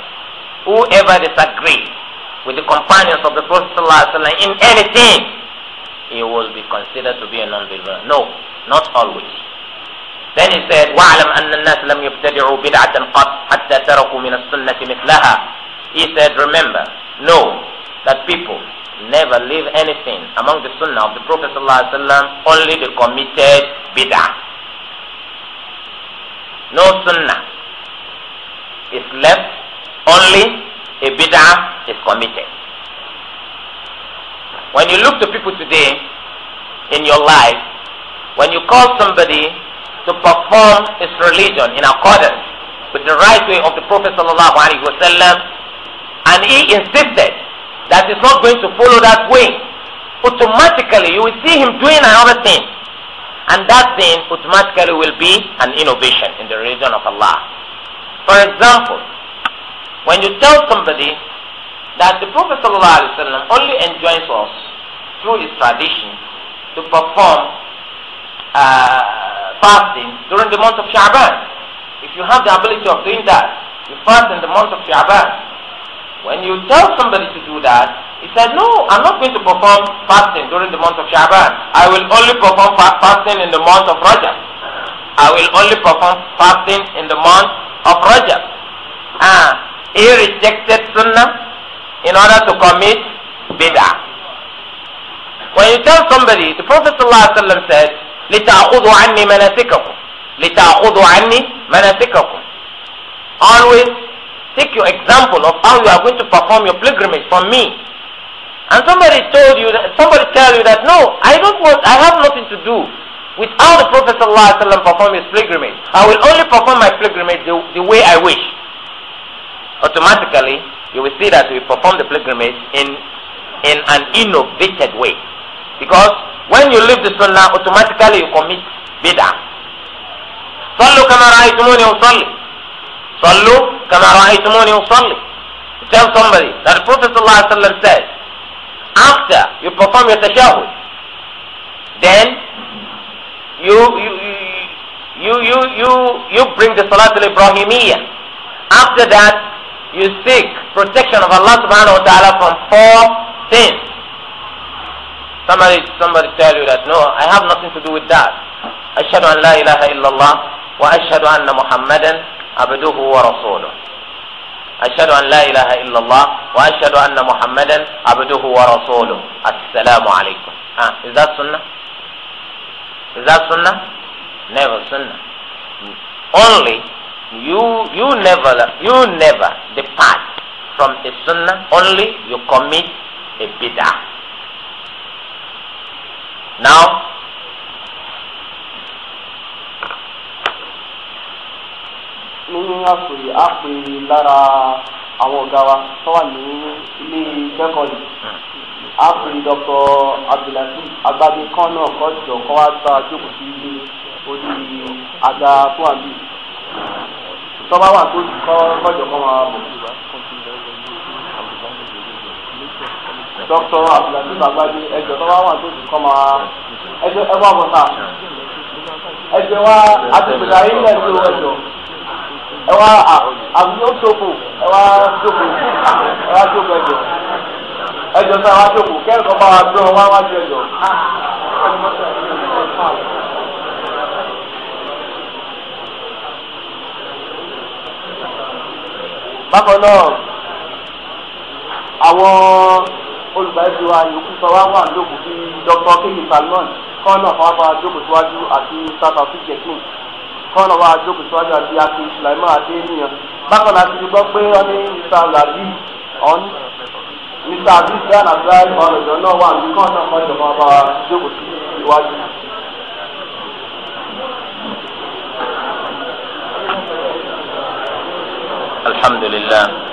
whoever disagrees with the companions of the Prophet in anything, he will be considered to be a unbeliever. No, not always. Then he said, وَعْلَمْ أَنَّ النَّاسَ لَمْ يُبْتَدِعُوا بِدْعَةً قَطْ حَتَّى تَرَكُوا مِنَ السُنَّةِ مِثْلَهَا He said, remember, know that people never leave anything among the sunnah of the Prophet ﷺ, only the committed bid'ah. No sunnah is left, only a bid'ah is committed. When you look to people today in your life, when you call somebody to perform his religion in accordance with the right way of the Prophet sallallahu alaihi wasallam, and he insisted that he's not going to follow that way, automatically you will see him doing another thing, and that thing automatically will be an innovation in the religion of Allah. For example, when you tell somebody that the Prophet sallallahu alaihi wasallam only enjoins us through his tradition to perform uh, fasting during the month of Sha'ban. If you have the ability of doing that, you fast in the month of Sha'ban. When you tell somebody to do that, he said, no, I'm not going to perform fasting during the month of Sha'ban. I will only perform fa fasting in the month of Rajab. I will only perform fasting in the month of Rajab. Ah, he rejected sunnah in order to commit bid'ah. When you tell somebody, the Prophet ﷺ said, لتأخذوا عني مناسككم لتأخذوا عني مناسككم always take your example of how you are going to perform your pilgrimage from me and somebody told you that somebody tell you that no I don't want I have nothing to do with how the Prophet ﷺ perform his pilgrimage I will only perform my pilgrimage the, the way I wish automatically you will see that we perform the pilgrimage in in an innovated way because when you leave the sunnah, automatically you commit bid'ah. صلوا كما رأيتموني أصلي. صلوا كما رأيتموني أصلي. Tell somebody that the Prophet wasallam said, after you perform your tashahud, then you you you you you, you bring the Salatul Ibrahimiyya. After that, you seek protection of Allah subhanahu wa ta'ala from four sins. somebody somebody tell you that no, I have nothing to do with that. أشهد أن لا إله إلا الله وأشهد أن محمدا عبده ورسوله. أشهد La Ilaha Illallah, wa ashhadu anna Muhammadan abduhu wa ورسوله. Assalamu alaikum. Ah, is that sunnah? Is that sunnah? Never sunnah. Only you you never you never depart from a sunnah. Only you commit a bid'ah. Now, ní àpè lára àwọn ọ̀gá wa tó wà ní ilé dr agbábí kan náà kọ́ jọ kọ́ wá gba jókòó sí ilé orí àga wà tó kọ́ dr abdulaziz agbadi ẹjọ tó bá wà tó ti kọ́ máa ẹjọ ẹ wá bọ́tà ẹjọ wa àtẹ̀tẹ̀lẹ̀ ayé ilẹ̀ tó ẹjọ ẹ wá àbúrò ṣòfò ẹ wá ṣòfò ẹ wá ṣòfò ẹjọ ẹjọ sọ wá ṣòfò kẹ́ẹ̀kọ́ bá wa dúró wá wá ju ẹjọ. bákan náà àwọn olùbáyé wa yòókù wà lóko bí dr kenny salmon kọ́nà wa bá jókòó síwájú àti south africa king kọ́nà wa jókòó síwájú àti akin sulaiman adéníyàn bákan náà ti di gbọ́ pé wọ́n ní mr labi ọ̀n mr abdul alabdulayi ọ̀rọ̀jọ́ náà wà ní kọ́nà kọ́nà wa bá jókòó síwájú. alhamdulillah.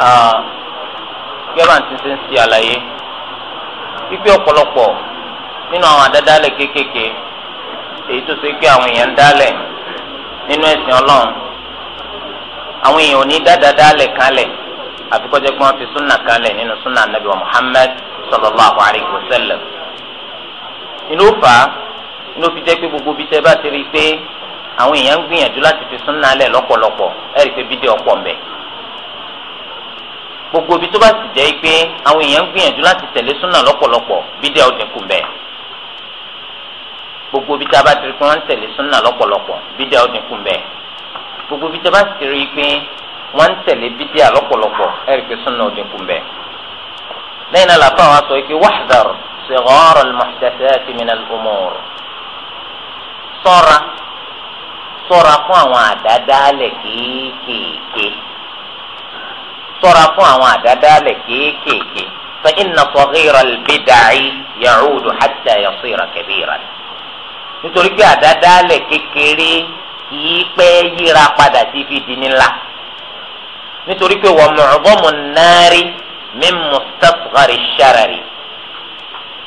gẹ́gẹ́ tí ṣe ń ṣe àlàyé wípé ọ̀pọ̀lọpọ̀ nínú àwọn àdádálẹ̀ kéékèèké èyí tó ṣe pé àwọn èèyàn ń dálẹ̀ nínú ẹ̀sìn ọlọ́run àwọn èèyàn ò ní dádádálẹ̀ kalẹ̀ pé wọ́n fi súnà kalẹ̀ nínú súnà nàbí wa Muhammad inú gbogbo bí sẹ́ rí i pé àwọn èèyàn ń gbìyànjú láti fi súnà lẹ̀ lọ́pọ̀lọpọ̀ ẹ̀rí pé bídẹ́ gbogbo ibi tó bá sì jẹ́ pé àwọn èèyàn ń gbìyànjú láti tẹ̀lé súnà lọ́pọ̀lọpọ̀ bídíà ò dínkù bẹ́ẹ̀ gbogbo ibi tá a bá ti rí pé wọ́n ń tẹ̀lé súnà lọ́pọ̀lọpọ̀ bídíà ò dínkù bẹ́ẹ̀ gbogbo ibi tá a bá sì rí pé wọ́n ń tẹ̀lé bídíà lọ́pọ̀lọpọ̀ ẹ̀rí pé súnà ò dínkù bẹ́ẹ̀ lẹ́yìn náà làbá sọ sọ́ra fún àwọn àdádálẹ̀ kéékèèké fa inna saghira al-bid'i ya'udu hatta yasira kabira nítorí pé àdádálẹ̀ kékeré kìí pẹ́ yíra padà sí fi di ńlá nítorí pé wa mu'zamu an-nari min mustasghari ash-sharari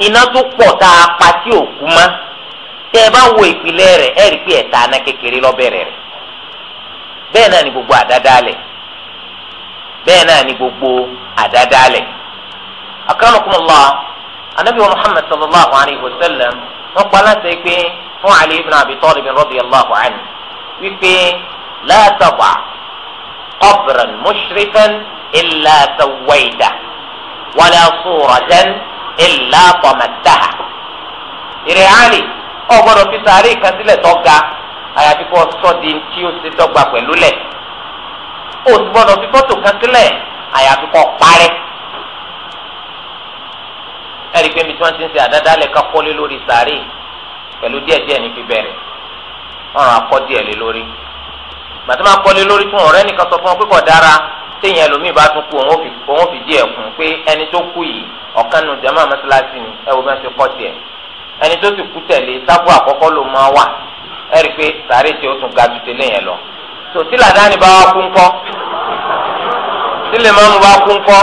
iná tó pọ̀ tá a pa tí ò kú mọ́ tẹ́ ẹ bá wo ìpìlẹ̀ rẹ̀ ẹ̀ rí pé ẹ̀ta aná kékeré lọ́bẹ̀rẹ̀ rẹ̀ bẹ́ẹ̀ náà ni gbogbo àdádálẹ̀ bẹ́ẹ̀ náà ni gbogbo àdádálẹ̀ akramakumullah anabi wa muhammad sallallahu alayhi wa sallam wọ́n pa láti pé fún ali ibn abi talib radiyallahu anhu wípé la tadha qabran mushrifan illa sawwayta wala suratan illa tamattaha ìrẹ̀ ali ọ̀gbọ́dọ̀ fi sàárè kan sílẹ̀ tó ga àyàfi kó sọ́ọ̀dì tí ó ti dọ́gba pẹ̀lú lẹ̀ o sì gbọ́dọ̀ fi fọ́tò kan sílẹ̀ àyàfi kọ́ parẹ́ ẹ̀rí pé mi tí wọ́n ti ń ṣe àdádálẹ̀ ká kọ́lé lórí sàárè pẹ̀lú díẹ̀díẹ̀ ní fi bẹ̀rẹ̀ wọ́n rán akọ́ díẹ̀ lé lórí gbàtí máa kọ́lé lórí fún ọ̀rẹ́ nìkan sọ fún wọn pé kò dára téèyàn ẹlòmíì bá tún kú òun fi díẹ̀ kún pé ẹni tó kú yìí ọ̀kan nù jẹ́ máa mọ́sálásí ni ẹ wo bí wọ́n ti kọ́ tiẹ̀ ẹni tó sì kú tẹ̀lé sábò àkọ́kọ́ ló máa wà ẹ rí i pé sàárè tí ó tún ga ju tẹ́lẹ̀ yẹn lọ tó tí làdáni bá wá kú ńkọ́ tí lè máa mú bá kú ńkọ́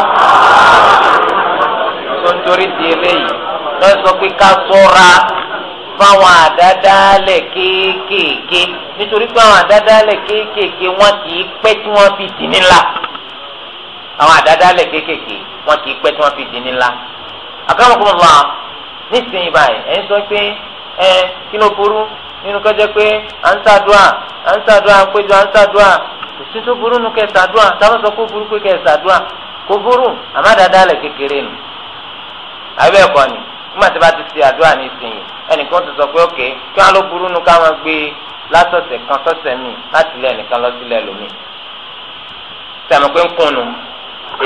tó ń torí di eléyìí wọ́n sọ pé ká sọ́ra fáwọn àdádálẹ̀ kéékèèké nítorí pé àwọn àdádálẹ̀ kéékèèké wọ́n kì í pẹ́ tí wọ́n fi dì nílá àwọn àdádálẹ̀ kéékèèké wọ́n kì í pẹ́ tí wọ́n fi dì nílá àkàrà wọn kò mọ̀ nísìnyí báyìí ẹ̀ ń sọ pé ẹ kí ló burú nínú kọjá pé à ń ṣàdúà à ń ṣàdúà péjọ à ń ṣàdúà kò sí tó burú nu kẹ ṣàdúà táwọn sọ kó burú pé kẹ ṣàdúà kó burú àmọ́ dáadáa kékeré nù àbẹ́ ẹ̀kọ́ ni nígbà tí bá ti ṣe àdúrà nísìnyí ẹnìkan ti sọ pé ókè kí wọn ló burú nu káwọn gbé látọ̀sẹ̀ kan sọ́sẹ̀ mi láti ilé ẹnìkan lọ sílé ẹlòmíì sàmì pé ń kùn nù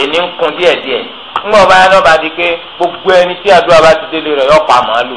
èní ń kùn díẹ̀díẹ̀ ńgbà ọba yẹn lọ́ba di pé gbogbo ẹni tí àdúrà bá ti délé rẹ̀ yọ pa màálù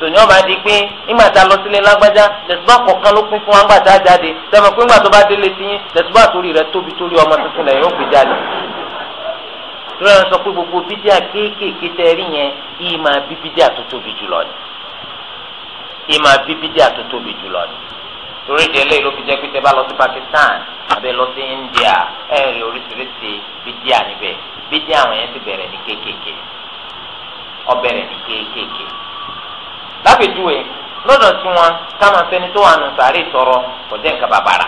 tòní ọba di pé nígbà tá a lọ sílé lágbájá lẹsùbà kọ̀ọ̀kan ló pín fún wa ńgbà tá a jáde sọmọ pé ńgbà tó bá délé sí yín lẹsùbà torí rẹ tóbi torí ọmọ tuntun lẹ yóò gbé jáde. torí ẹ sọ pé gbogbo bídíà kéékèèké tẹ ẹ rí yẹn yìí máa bí bídíà tó tóbi jùlọ ni yìí máa bí bídíà tó tóbi jùlọ ni torí ìdí eléyìí ló fi jẹ́ pé tẹ lọ sí Pakistan abẹ lọ sí India ẹ rí oríṣiríṣi bídíà níbẹ̀ bídíà àwọn yẹn ti bẹ̀rẹ̀ ní kéékèèké ó ní kéékèèké lápèjúwe lọ́dọ̀ tí wọn káma fẹ́ni tó wà nù sàárè tọrọ kò jẹ́ nǹkan bàbàrà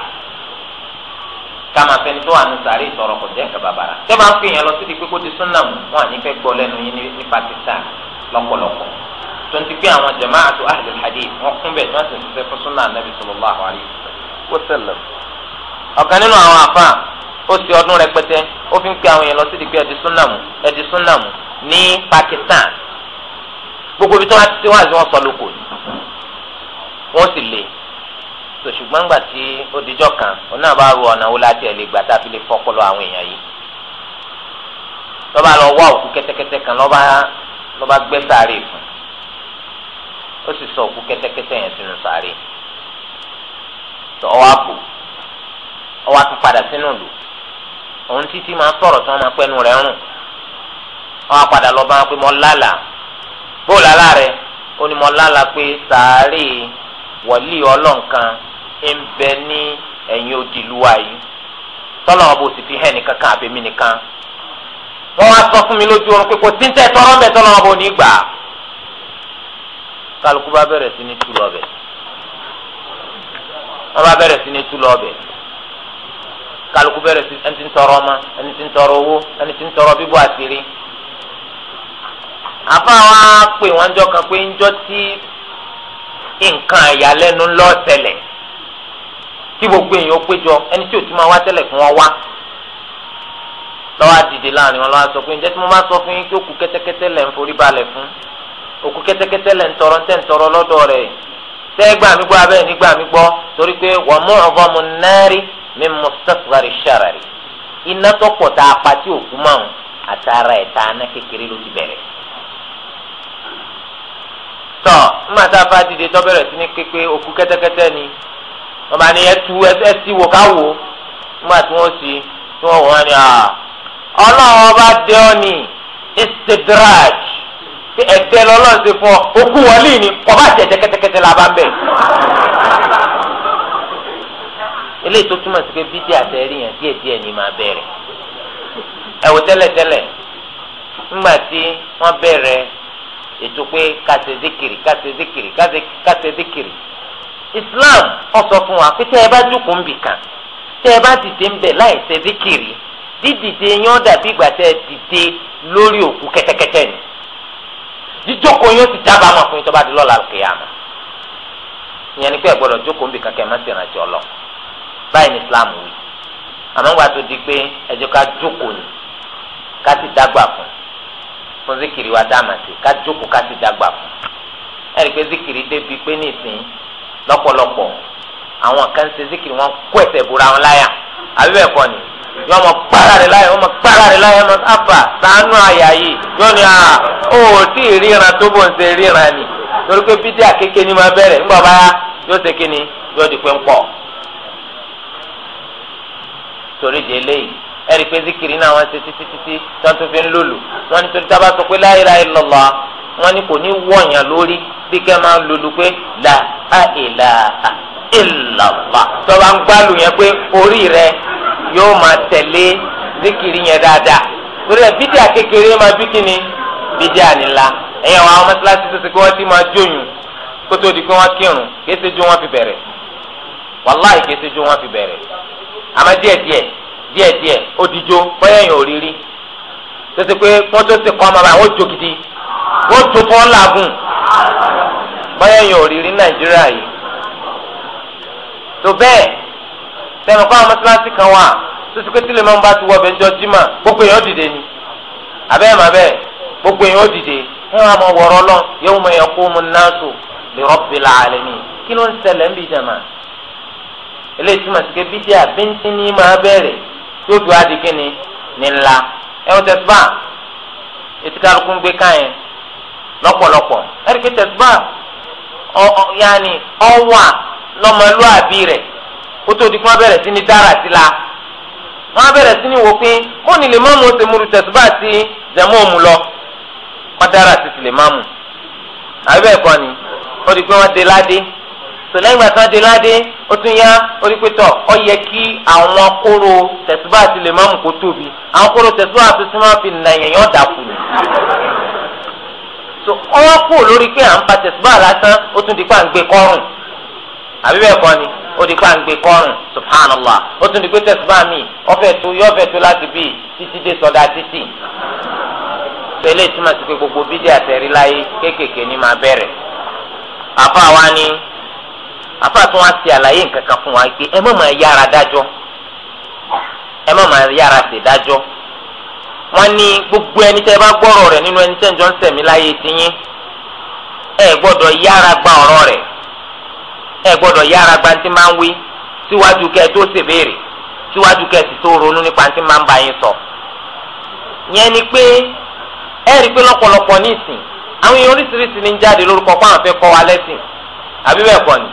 káma fẹ́ni tó wà nù sàárè tọrọ kò jẹ́ nǹkan bàbàrà tẹ́ bá ń pè yẹn lọ sí di pé kó ti súnà mù wọn à ní fẹ́ gbọ́ lẹ́nu yín ní Pakistan lọ́pọ̀lọpọ̀ tó ń ti pé àwọn jama'atu ahlul hadith wọn kún bẹ́ẹ̀ tí wọ́n sì ń ṣiṣẹ́ fún súnà nàbì sallallahu alaihi wasallam ọ̀kan nínú àwọn àfa ó sì ọdún rẹpẹtẹ ó fi ń pè àwọn yẹn lọ sí di pé ẹ̀dì súnà mù Pakistan gbogbo ibi tí wọ́n ti wá sí wọn sọ lóko ni wọ́n sì lè so ṣùgbọ́n gbà tí ó dijọ́ kan òun náà bá ọ̀nà wo láti ẹ̀ lè gbà tá a fi lè fọ́pọ́lọ àwọn èèyàn yìí lọ́ba lọ wá òkú kẹ́tẹ́kẹ́tẹ́ kan lọ́ba lọ́ba gbẹ́ sáré fún ó sì sọ òkú kẹ́tẹ́kẹ́tẹ́ yẹn sínú sáré tó ọwọ́ àpò ọwọ́ àti padà sínú ìlú òun títí máa sọ̀rọ̀ tí wọ́n máa pẹ́nu rẹ̀ rùn ọwọ́ àpadà lọ́ba pé mọ́ lálàá. bóòlù aláàrẹ onímọ̀lára pé sàárè wọ̀lì ọlọ́nkan ń bẹ ní ẹ̀yìn òdìlúwa yìí tọ́lọ̀ ọ̀bọ̀ sì fi hẹ́ẹ̀ nìkan kan àbẹ̀mí nìkan wọ́n wá sọ fún mi lójú oorun pé kò sí ń tẹ́ tọ́rọ́ ń bẹ ní gbà kálukú bá bẹ̀rẹ̀ sí ní túlọ̀ bẹ̀ wọ́n bá bẹ̀rẹ̀ sí ní túlọ̀ kálukú bẹ̀rẹ̀ àfa wa pè wọn jọ kan pé ńjọ tí nǹkan àyàlẹ́nu ló ṣẹlẹ̀ tí gbogbo èèyàn péjọ ẹni tí ò ti máa wá tẹ́lẹ̀ fún wọn wá lọ́wọ́ àdìdè láàrin wọn lọ́wọ́ sọ pé ǹjẹ́ tí mo máa sọ fún yín pé òkú kẹ́tẹ́kẹ́tẹ́ lẹ̀ ń forí balẹ̀ fún òkú kẹ́tẹ́kẹ́tẹ́ lẹ̀ ń tọrọ ń tẹ̀ ń tọrọ lọ́dọ̀ rẹ̀ tẹ́ gbà mí gbọ́ abẹ́ ní gbà mí gbọ́ torí pé wọ́n mú ọ̀gọ́ mu nẹ́ẹ̀rí mi mú sẹ́fúrárì ṣàràrì iná tó pọ̀ tá a pa tí òkú máa ń àtàrà ẹ̀ta aná kékeré ló ti bẹ̀rẹ̀ tọ nígbà tá a bá dìde tó bẹ̀rẹ̀ sí ní pépé òkú kẹ́tẹ́kẹ́tẹ́ ni wọ́n bá ní ẹtú ẹtí wò ká wò nígbà tí wọ́n sì tí wọ́n wọ́n ni ọlọ́run ọba dé ọ ní istidraj pé ẹ̀dẹ́ lọ́lọ́run ti fún ọ òkú wọlé ni ọba jẹ̀jẹ̀ kẹ́tẹ́kẹ́tẹ́ la bá ń bẹ̀. eléyìí tó túmọ̀ sí pé bídí àtẹ̀rí yẹn díẹ̀díẹ̀ ni máa bẹ̀rẹ̀ ẹ̀wò tẹ́lẹ̀tẹ́lẹ̀ nígbà tí wọ́n bẹ̀rẹ̀ ètò pé kàṣẹ zikiri kàṣẹ zikiri kàṣẹ zikiri Islam ọsọ fún wa pé tẹ ẹ bá jókòó ń bì kan tẹ ẹ bá dìde ń bẹ láì ṣe zikiri dídìde yẹn dàbí ìgbà tẹ ẹ dìde lórí òkú kẹtẹkẹtẹ ni jíjókòó yóò ti dábàá máa fún yín tó bá di lọ́la kìyàmù ìyẹn ni pé ẹ gbọ́dọ̀ jókòó ń bì kan kẹ ẹ má sì rántí ọlọ báyìí ní Islam wí àmọ́ ńgbà tó di pé ẹ jẹ́ ká jókòó ni ká sì dágbà fún un fún zikiri wa dáàmà sí ká jókòó ká sì dàgbà fún ẹ rí i pé zikiri débi pé nísìnyí lọ́pọ̀lọpọ̀ àwọn kan ṣe zikiri wọn kó ẹsẹ̀ bora wọn láyà àbí bẹ́ẹ̀ kọ́ ni yọ ọmọ gbára rẹ láyà ọmọ gbára rẹ láyà ọmọ afa sànú àyà yìí yọ ni a ó tí ì ríran tó bò ń ṣe ríran ni torí pé bídíà kékeré ni máa bẹ̀rẹ̀ ńgbà bá yóò ṣe kíni yóò di pé ń pọ̀ torí di eléyìí ẹ̀rí pé zikiri náà wọ́n ṣe títí títí tí wọ́n tún fi ń lòlù wọ́n ní torí tábà sọ pé la ilaha illallah wọ́n ní kò ní wọ̀nyàn lórí bí kẹ́ máa lòlù pé la ilaha illallah tọ́ba ń gbálù yẹn pé orí rẹ yóò máa tẹ̀lé zikiri yẹn dáadáa torí ẹ bídíà kékeré máa bí kíni bídíà nílá ẹ̀yìn àwọn àwọn mọ́sálásí tó ti pé wọ́n ti máa jóyún kótó di pé wọ́n kírun kéṣe jó wọ́n fi bẹ̀rẹ̀ wàláì kéṣe jó wọ́n fi bẹ̀rẹ̀ àmọ́ díẹ̀díẹ̀ díẹ̀díẹ̀ odijó fọyẹ̀yìn òrírí tètè pé wọ́n ti kọ́ ọmọ báyìí wọ́n jó gidi wọ́n tó fọ́ làágùn fọyẹ̀yìn òrírí nàìjíríà yìí tó bẹ́ẹ̀ sẹ́nu kọ́ gbogbo èèyàn dìde ni bẹ́ẹ̀ gbogbo èèyàn dìde wọ̀rọ̀ lọ kó lè rọ́bì làálẹ̀ mi kí ló ń ṣẹlẹ̀ ń yóò fi wá di kíni nílá ẹ̀wọ̀n tẹ̀síbà etí kálukú ń gbé káyẹn lọ́pọ̀lọpọ̀ ẹ̀ríkì tẹ̀síbà yaani ọ̀wà lọ́mọlúàbí rẹ̀ kó tó di kí wọ́n bẹ̀rẹ̀ sí ní dára sí la wọ́n bẹ̀rẹ̀ sí ní wò pé kó ní lè má mú ṣe múru tẹ̀síbà sí zẹ̀mọ́ọ̀mù lọ wọ́n dára sí ti lè má mú àbí ni wọ́n di pé wọ́n dé ládé sọlẹ́yìn gbà tán adéládé ó tún yá orípẹ́tọ̀ ọ yẹ kí àwọn kóró tẹ̀síbà àti lè má mú kó tóbi àwọn kóró tẹ̀síbà àti sinmi fi nà yẹ̀yàn dàkú ni. so ọwọ́ kù lórí pé à ń pa tẹ̀síbà lásán ó tún di pa à ń gbé kọ́rùn àbí bẹ́ẹ̀ kọ́ ni ó di pa kọ́rùn subhanallah ó tún di pé tẹ̀síbà mi ọ̀fẹ́ tó yọ ọ̀fẹ́ tó láti bì títí dé sọdá títì pẹ̀lẹ́ ìtumọ̀ sí pé gbogbo bídíà tẹ̀rí láyé kéékèèké ni máa bẹ̀rẹ̀ àfa wa ni afa tí wọn ṣe àlàyé nǹkan kan fún wa pé ẹ má máa yára dájọ́ ẹ má máa yára ṣe dájọ́ wọn ní gbogbo ẹni tẹ́ bá gbọ́rọ̀ rẹ̀ nínú ẹni tẹ́ ń jọ ń sẹ̀mí láyé tiyín ẹ gbọ́dọ̀ yára gba ọ̀rọ̀ rẹ̀ ẹ gbọ́dọ̀ yára gba ti máa ń wí síwájú kẹ́ tó ṣèbéèrè síwájú kẹ́ sì tó ronú nípa ti máa ń bá yín sọ yẹn ni pé ẹ rí i pé lọ́pọ̀lọpọ̀ ní ìsìn àwọn èèyàn oríṣiríṣi ní jáde lórúkọ fún àwọn afẹ́kọ́ wa lẹ́sìn àbí bẹ́ẹ̀ kọ́ ni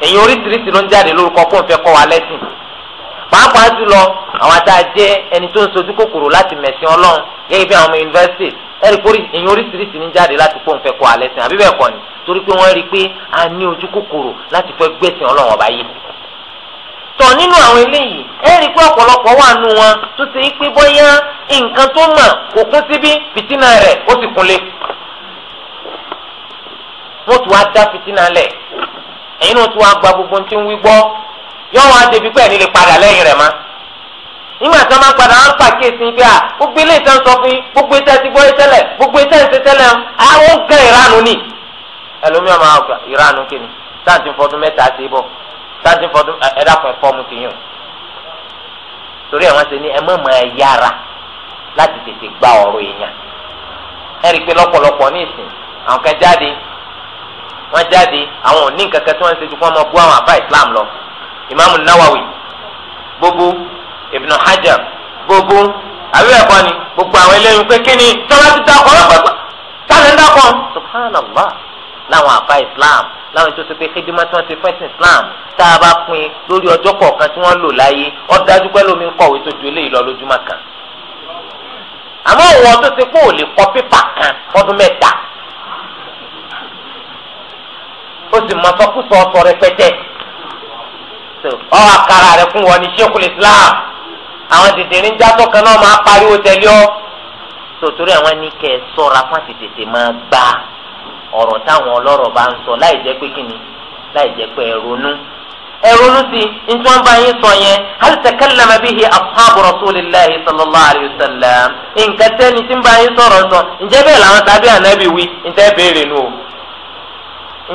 èyí oríṣiríṣi ló ń jáde lórúkọ kó n fẹ́ kọ́ wa lẹ́sìn pàápàá jùlọ àwọn ata jẹ́ ẹni tó ń sojú kòkòrò láti mẹ̀sìn ọlọ́run gẹ́gẹ́ bí àwọn ọmọ yunifásitì ẹ̀rí pé èyí oríṣiríṣi ní jáde láti kó n fẹ́ kọ́ wa lẹ́sìn àbí bẹ́ẹ̀ kọ́ ni torí pé wọ́n rí i pé a ní ojú kòkòrò láti fẹ́ gbẹ̀sìn ọlọ́run ọba yìí tọ̀ nínú àwọn eléyìí ẹ rí i pé ọ̀pọ̀lọpọ̀ wà nù wọn tó ṣe é pé bóyá nǹkan tó mọ̀ kò kún síbí fìtínà rẹ̀ ó sì kúnlé ẹ̀yin náà tún wá gba gbogbo tí ń wí gbọ́ yọ wọn adébi pé ẹni lè padà lẹ́yìn rẹ̀ má nígbà tí wọn máa ń padà wọn ń pàkíyèsí pé à gbogbo ilé ìtàn sọ fún yín gbogbo iṣẹ́ ti gbọ́ ìtẹ́lẹ̀ gbogbo iṣẹ́ ti tẹ́lẹ̀ àwọn gan ìranu ni ẹlòmíràn máa gba ìranu kí ni táàtì fọdún mẹ́ta ti bọ̀ táàtì fọdún ẹ̀dàpọ̀ ẹ̀fọ́ mu ti yàn torí àwọn ṣe ni ẹ mọ̀ mọ̀ ẹ yára láti tètè gba ọ̀rọ̀ èèyàn ẹ rí i pé lọ́pọ̀lọpọ̀ ní ìsìn àwọn kan wọ́n jáde àwọn ò ní nǹkan kan tí wọ́n ṣe ju fún ọmọ bú àwọn àbá islam lọ imaamu nawawi gbogbo ibn hajar gbogbo àbí ẹ̀kọ́ ni gbogbo àwọn eléyìí pé kí ni tọ́lá ti dákọ̀ lọ́pọ̀lọpọ̀ sálẹ̀ ń dákọ̀ subhanallah láwọn àbá islam láwọn ètò ìsèpè kéjìmá tí wọ́n ti fẹ́ islam tá a bá pín lórí ọjọ́ kọ̀ọ̀kan tí wọ́n lò láyé ó dájú pé lómi ń kọ̀wé tó ju eléyìí lọ lójúmọ́ kan àmọ́ òun ọdún ti kó ò kọ pépà kan fọ́dún mẹ́ta ó sì máa sọkú ọsọ rẹpẹtẹ ọ àkàrà rẹ fún wọn ní Islam àwọn dìdìrín jásọ kan náà máa pariwo tẹlẹ ọ sòtúrú àwọn ní kẹ sọra fún àti gba ọ̀rọ̀ táwọn ọlọrọ bá ń sọ láì jẹ́ pé kíni láì jẹ́ pé ẹrọnú ẹrọnú sí nítorí wọn bá yín sọ yẹn hal bihi ashabu rasulillahi nǹkan tí ń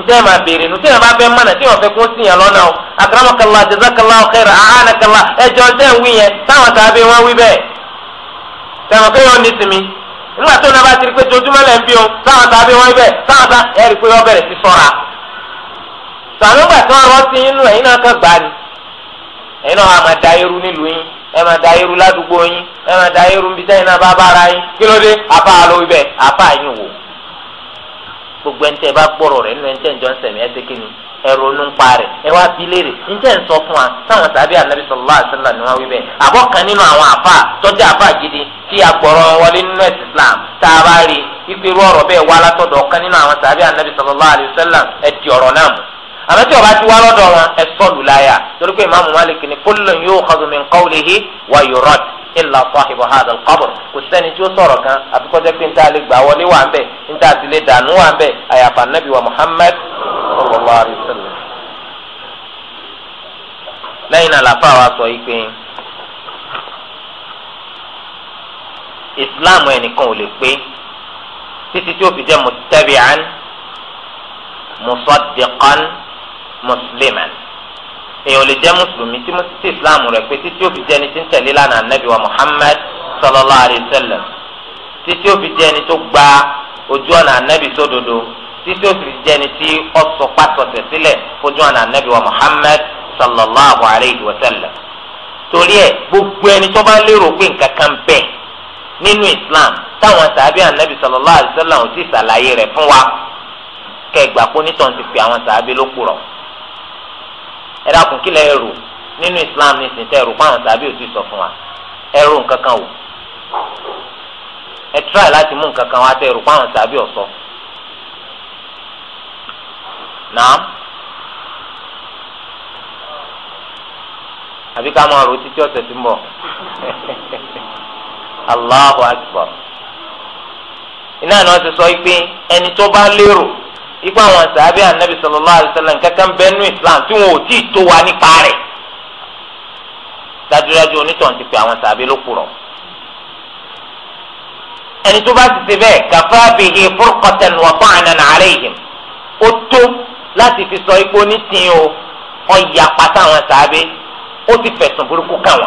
ntẹ́ máa béèrè nu tẹ́yìn bá fẹ́ mọ̀nà tí wọ́n fẹ́ kún síyàn lọ́nà o akramakala jazakala khaira ahanakala ẹjọ́ tẹ́ ń wí yẹn táwọn tàbí wọn wí bẹ́ẹ̀ tẹ̀wọ̀n kéèyàn ní sinmi nígbà tó náà bá ti rí pé jojúmọ́ lẹ́ ń bí o táwọn tàbí wọn wí bẹ́ẹ̀ táwọn tá ẹ rí pé wọ́n bẹ̀rẹ̀ sí sọ́ra sànúgbà tí wọ́n rántí inú ẹ̀yin náà kàn gbà ni ẹ̀yin náà máa da irú nílùú yín ẹ máa da irú ládùúgbò yín ẹ máa da irú bíi tẹ́yìn náà bá bára yín kí ló dé àbá àlọ́ ibẹ̀ àbá wò gbogbo ẹni tẹ bá gbọ́rọ̀ rẹ̀ nínú ẹni tẹ́ ń jọ ń sẹ̀mí ẹ ṣe kí ni ẹ̀rọ onú ń pa rẹ̀ ẹ wá bí léèrè ní tẹ́ ń sọ fún wa táwọn sábẹ́ ànábì sallallahu alaihi wasallam ni wọ́n wí bẹ́ẹ̀ àbọ̀ kan nínú àwọn àfa tọ́jú àfa gidi tí a gbọ́rọ̀ wọlé nínú ẹ̀sìn Islam tá a bá rí ipe irú ọ̀rọ̀ bẹ́ẹ̀ wá látọ̀dọ̀ kan nínú àwọn sábẹ́ ànábì sallallahu alaihi wasallam ẹ di ọ̀rọ̀ náà mú àmọ́ tí ó bá ti wá lọ́dọ̀ wọn ẹ sọ́ọ̀lù láyà torí pé ìmáàmù Malik ni kullun illa sahibu hadha al-qabr kò sẹ́ni tí ó sọ̀rọ̀ kan àfikọ́jẹ́ pé níta lè gbà wọlé wà ń bẹ̀ níta sì lè dànù wà ń bẹ̀ àyàfà nàbì wa Muhammad sallallahu alayhi wa sallam. lẹ́yìn náà wa sọ yìí pé islam ẹnìkan ò lè pé títí tí ó fi jẹ́ mutabi'an musaddiqan musliman èèyàn lè jẹ́ mùsùlùmí tí mùsùlùmí islam rẹ̀ pé títí òbí jẹ́ ẹni tí ń tẹ̀lé lánàá nàbí wa muhammad sallallahu alayhi wa sallam títí òbí jẹ́ ẹni tó gba ojú ọ̀nà ànábì sódodo títí òbí jẹ́ ẹni tí ó sọ pásọsẹ̀ sílẹ̀ fojú ọ̀nà ànábì wa muhammad sallallahu alayhi wa sallam torí ẹ gbogbo ẹni tó bá lérò pé nǹkan kan bẹ́ẹ̀ nínú islam táwọn sàbí ànábì sallallahu alayhi wa sallam ò sì ṣàlàyé rẹ̀ fún wa kẹgbàpọ̀ nítọ̀ ti fi àwọn sàbí lókùrọ̀ ẹ dákun kí lẹ nínú islam ní sìn tẹ ẹ rò fáwọn tàbí òtún sọ fún wa ẹ rò nǹkan kan wò ẹ tíráì láti mú nǹkan kan wá tẹ ẹ rò fáwọn tàbí ọ̀sọ́ nàám àbí ká máa rò títí ọ̀sẹ̀ tí ń bọ̀ (laughs) Allahu akbar iná ni wọ́n ti sọ pé ẹni tó bá lérò. ipa àwọn sàábì ànábì sallallahu alaihi wasallam kankan bẹ́ẹ̀ nú islam tí wọn ò tí ì tó wa nípa rẹ̀ dájúdájú onítàn ti pè àwọn sàábì ló kúrọ̀ ẹni tó bá ti ṣe bẹ́ẹ̀ kàfá bihi furqatan wa ta'nan alayhim ó tó láti fi sọ ipò onítìyìn o ọ̀yà pátá àwọn sàábì ó ti fẹ̀sùn burúkú kàn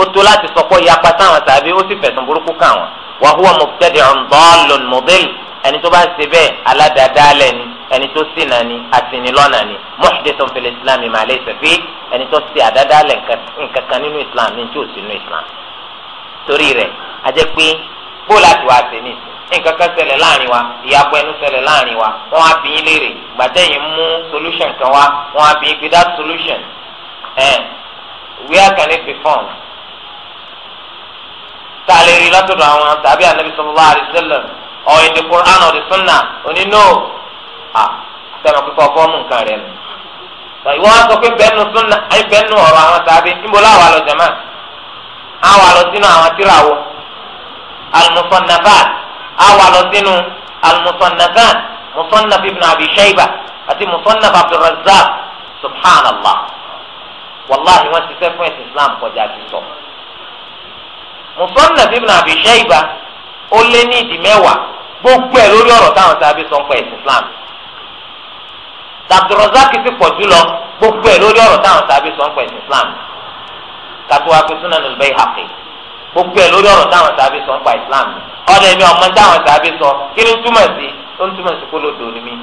ó tó láti sọ pé ọ̀yà pátá àwọn sàábì ó ti fẹ̀sùn burúkú kàn wọ́n wa huwa ẹni tó bá ṣe bẹ́ẹ̀ aládàádáalẹ̀ ni ẹni tó sì nà ni àsìnilọ́nà ni muhdithun fil islam ma laysa fi ẹni tó ṣe àdádáalẹ̀ nkankan nínú islam ní tí ò sí nínú islam torí rẹ̀ a jẹ́ pé bóòlù àti wàá ṣe nìyí nǹkan kan láàrin wa ìyàbọ̀ ẹnu ṣẹlẹ̀ láàrin wa wọ́n á bí yín léèrè gbàtẹ́ yín mú solution kan wá wọ́n á bí yín pé that solution eh, where can it be found? tá a lè rí látọ̀dọ̀ àwọn tàbí ànábi sallallahu or in the Quran or the Sunnah oní no àtẹnà lọ al-musannafat lọ al-musannafat abi shayba abdulrazak subhanallah wọn ti islam kọjá ti sọ abi ó lé ní ìdí mẹ́wàá gbogbo ẹ̀ lórí ọ̀rọ̀ táwọn sábẹ sọ ń pẹ ẹ̀sìn Islam Abdulrazak ti pọ̀ jùlọ gbogbo ẹ̀ lórí ọ̀rọ̀ táwọn sábẹ sọ ń pẹ ẹ̀sìn Islam katuwa pé Sunanul Bayhaqi gbogbo ẹ̀ lórí ọ̀rọ̀ táwọn sábẹ sọ ń pa Islam ọdọ ẹni ọmọ táwọn sábẹ sọ kí ni túmọ̀ sí ó ń túmọ̀ sí kó ló dò ní mí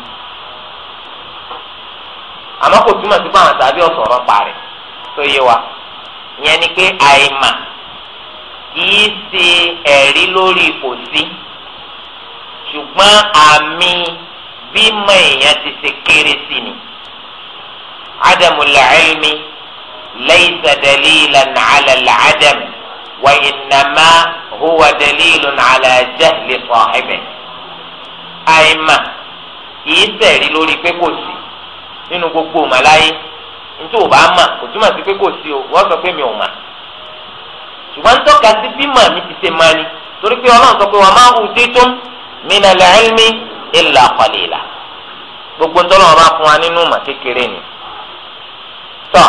àmọ́ kò túmọ̀ sí pé àwọn sábẹ ọ̀sọ̀rọ̀ parẹ́ tó yé wa ìyẹn ni pé àìmà kìí ṣe ẹ̀rí lórí kò sí ṣùgbọ́n àmì bímọ èèyàn ti ṣe kéré sí ni ádámù làálmi laysa dalilan ala al-adam wa innama huwa dalilun ala jahli sahibihi àìmà kìí ṣẹ̀rí lórí pé kò sí nínú gbogbo màláyé nítorí ò bá mà kò túmọ̀ sí pé kò sí o wọ́n sọ pé mi ò mà ṣùgbọ́n tọ́ka sí bímọ ní ti ṣe máa ní torí pé ọlọ́run sọ pé wa ma utitum minal ilmi illa qalila gbogbo ntọ́lọ́wọ́n bá fún wa nínú mà kékeré ni. tọ́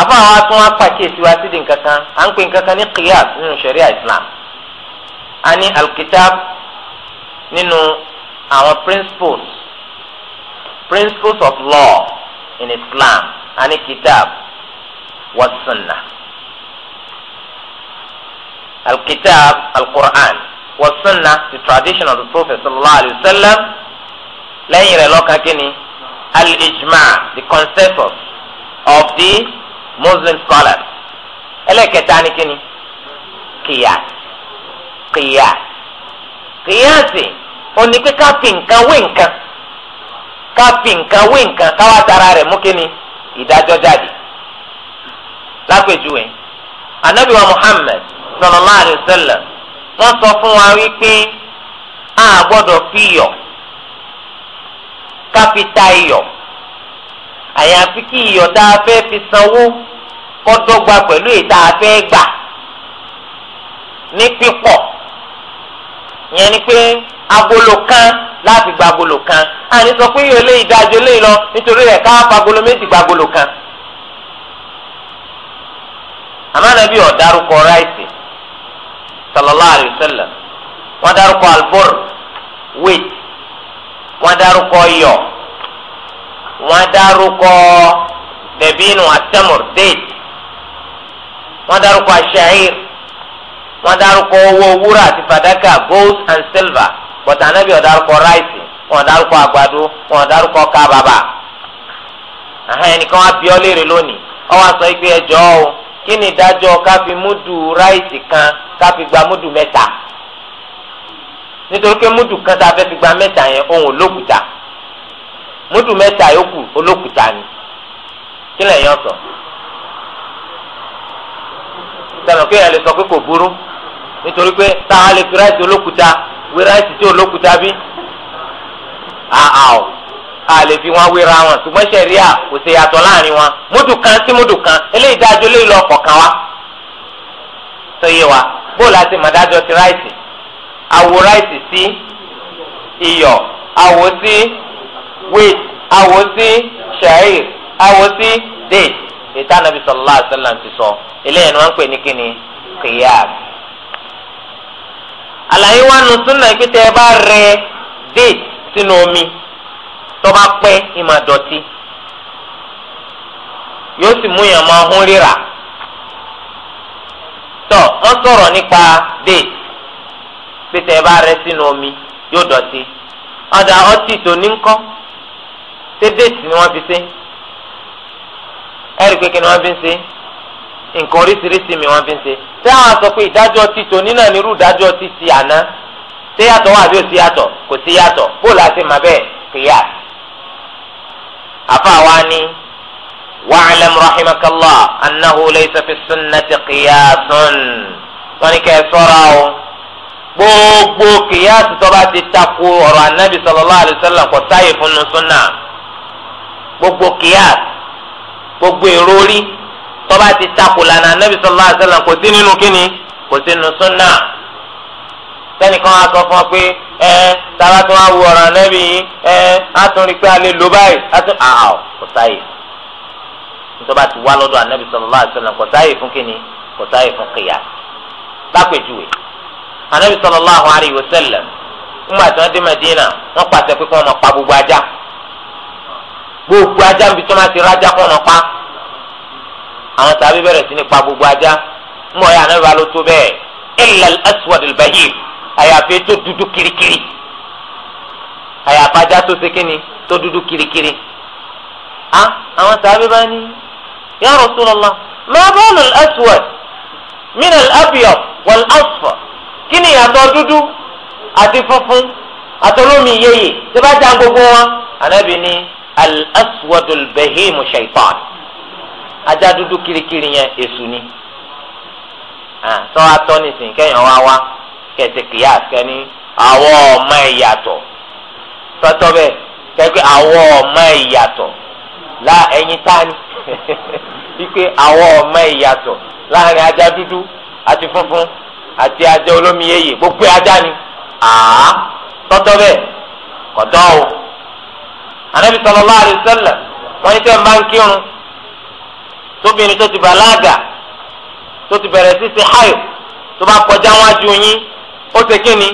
àbá wa tún wá pàkíyèsí wa sídi nǹkan kan à ń pè nǹkan kan ní qiyas nínú sharia islam a ní alkitab nínú àwọn principles principles of law in islam a ní kitab wa sunnah al-kitab al-Qur'an wa sunnah the tradition of the prophet sallallahu alayhi wa sallam lẹ́yìn rẹ̀ lọ́ka kínní al the consensus of the muslim scholars ẹlẹ́kẹta ni kínní qiyas qiyas qiyasi òní pé ká fi nǹkan wé nǹkan ká fi nǹkan wé nǹkan káwá tara rẹ̀ mú kínní ìdájọ́ jáde lápèjúwe anabiwa muhammed sallallahu alaihi wasallam wọ́n sọ fún wa wípé a gbọ́dọ̀ fi iyọ̀ kápítà iyọ̀ àyàfi kí iyọ̀ tá a fẹ́ fi sanwó kọ́ dọ́gba pẹ̀lú èyí tá a fẹ́ gbà ní pípọ̀ yẹn ni pé agolo kan láti gba agolo kan àní sọ pé iyọ̀ eléyìí dájú eléyìí lọ nítorí rẹ̀ ká fagolo méjì gba agolo kan àmọ́ ànábì ó dárúkọ ráìsì sallallahu alayhi wa sallam wọ́n dárúkọ albur wait wọ́n dárúkọ yọ wọ́n dárúkọ dẹbínú atamur date wọ́n dárúkọ ashair wọ́n dárúkọ owó wúrà àti fàdákà gold and silver but anabi ó dárúkọ ráìsì wọ́n dárúkọ àgbàdo wọ́n dárúkọ kábàbà ẹnìkan wá bi ọ́ léèrè lónìí ọ wá sọ pé ẹjọ́ o kí ni ìdájọ́ ká fi múdù ráìsì kan ká fi gba múdù mẹ́ta nítorí pé múdù kan tá a fẹ́ fi gba mẹ́ta yẹn ohun olókùúta múdù mẹ́ta yòókù olókùúta ni kí lẹ́yìn ọ̀sọ̀ sọ̀rọ̀ kí ẹ̀ lè sọ pé kò burú nítorí pé tá lè fi ráìsì olókùúta wé ráìsì tí olókùúta bí a lè fi wọn wéra wọn ṣùgbọ́n sẹ̀ríà kò ṣe yàtọ̀ láàrin wọn múdù kan sí múdù kan eléyìí dájọ́ lè lọ ọkọ̀ kan wa. sọ yé wa bóòlù àti màdájọ ti ráìsì àwò ráìsì sí iyọ̀ àwò sí wíìt àwò sí ṣẹ̀rí àwò sí déètì ètò ànábì sallallahu alaihi wasallam ti sọ eléyìí ni wọ́n ń pè ní kíni kìyàs. àlàyé wa nù súnà kí tẹ́ ẹ bá rẹ déètì sínú omi tọ́ba pẹ́ ìmọ̀ dọ̀tí yóò sì mú yàn máa hún ríra tọ́ wọ́n sọ̀rọ̀ nípa déètì pété ẹ bá rẹ sínú omi yóò dọ̀tí ọ̀dà ọtí tó ní ńkọ́ ṣé déètì ni wọ́n fi ṣe ẹ̀rí pé kí ni wọ́n fi ṣe nǹkan oríṣiríṣi mi wọ́n fi ṣe ṣé àwọn sọ pé ìdájọ́ ti tòní náà nírú ìdájọ́ ti ti àná ṣé yàtọ̀ wà bí ó ti yàtọ̀ kò sí yàtọ̀ bóòlù àti màbẹ́ẹ̀ kìyà àfàwání wa'lam rahimakallah annahu laysa fi sunnati qiyasun wọ́n ní kẹ́ ẹ sọ́ra o gbogbo kìyàsù tó bá ti takò ọ̀rọ̀ anabi sallallahu alayhi wa sallam kò sáyè fún un sunna gbogbo kìyàsù gbogbo èrò orí tó ti takò lànà anabi sallallahu alayhi wa sallam kò sí nínú kíni kò sí nínú sunna sẹ́nìkan á sọ fún ọ pé ẹ tara tó wá wu ọ̀rọ̀ ànábì yìí ẹ á tún rí i pé a lè lò báyìí á tún àhà kọ̀sáyè nítorí ti wá lọ́dọ̀ ànábì sallallahu alaihi wasallam kọ̀sáyè fún kínní kọ̀sáyè fún kìyà lápèjúwe ànábì sallallahu alaihi wasallam ńgbà tí wọ́n dé Mẹ́dínà wọ́n pàṣẹ pé kí wọ́n máa pa gbogbo ajá gbogbo ajá níbi tí wọ́n máa ti rájá kí wọ́n máa pa àwọn tàbí bẹ̀rẹ̀ sí ní pa gbogbo ajá ńgbà yà ànábì wa bẹ́ẹ̀ illa al àyàfi tó dúdú kirikiri àyàfi ajá tó ṣe kíni tó dúdú kirikiri a àwọn sàbẹ bá ní ya Rasulullah ma balu al-aswad min al-abyad wal-asfar kíni ìyàtọ̀ dúdú àti funfun àtọ́lómi yeye tí bá já gbogbo wọn ànábì ní al-aswadul bahimu shaitan ajá dúdú kirikiri yẹn èṣù ni tọ́ atọ́ nìsín kẹ́yìn wá wá kẹsì kìyàs kẹni àwọ ọmọ ìyàtọ̀ tọ́tọ́ bẹ́ẹ̀ kẹ́kẹ́ àwọ ọmọ ìyàtọ̀ lá ẹyin tání (laughs) wípé àwọ ọmọ ìyàtọ̀ láàrin ajá dúdú àti funfun àti ajá olómi yeye gbogbo ajá ni àá tọ́tọ́ bẹ́ẹ̀ kọ̀tọ́ o anabi sallallahu alaihi wasallam wọn ní sẹ́yìn bá ń kírun tóbìnrin tó ti bàlágà tó ti bẹ̀rẹ̀ sí ṣe háyò tó bá kọjá wájú yín ó ṣe kí ni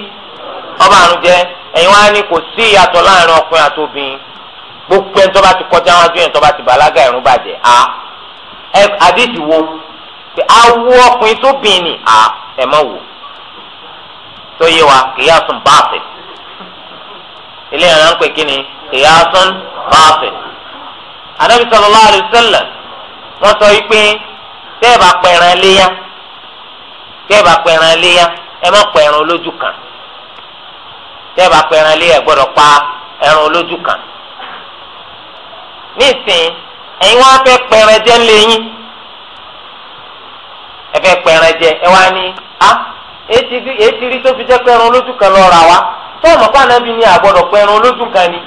ọba àrùn jẹ ẹ̀yin wá ní kò sí ìyàtọ̀ láàrin ọkùnrin àti obìnrin gbogbo ẹni tó bá ti kọjá wájú ẹni tó bá ti bàlágà ìrun bàjẹ́ a àdéhìí wo pé awo ọkùnrin tó bìn ni a ẹ̀ mọ̀ wò tó yé wa kìyà sùn báàfẹ ilé ìran ń pè kí ni kìyà sùn báàfẹ anabi sallallahu alaihi wasallam wọn sọ yìí pé tẹ́ẹ̀ bá pẹ̀ràn léyà tẹ́ẹ̀ bá pẹ̀ràn léyà ẹ má pa ẹran olójú kan tẹ́ ẹ bá pa ẹran lé ẹ gbọ́dọ̀ pa ẹran olójú kan nísìnyí ẹ̀yin wá fẹ́ pẹ̀rẹ̀ jẹ́ lẹ́yìn ẹ fẹ́ pẹ̀rẹ̀ jẹ́ ẹ wá ní a ètí rí tó fi jẹ́ pẹ̀rẹ̀ olójú kan lọ ra wa fọ́ọ̀mù pàànàbí ni àgbọ̀dọ̀ pẹ̀rẹ̀ olójú kan ni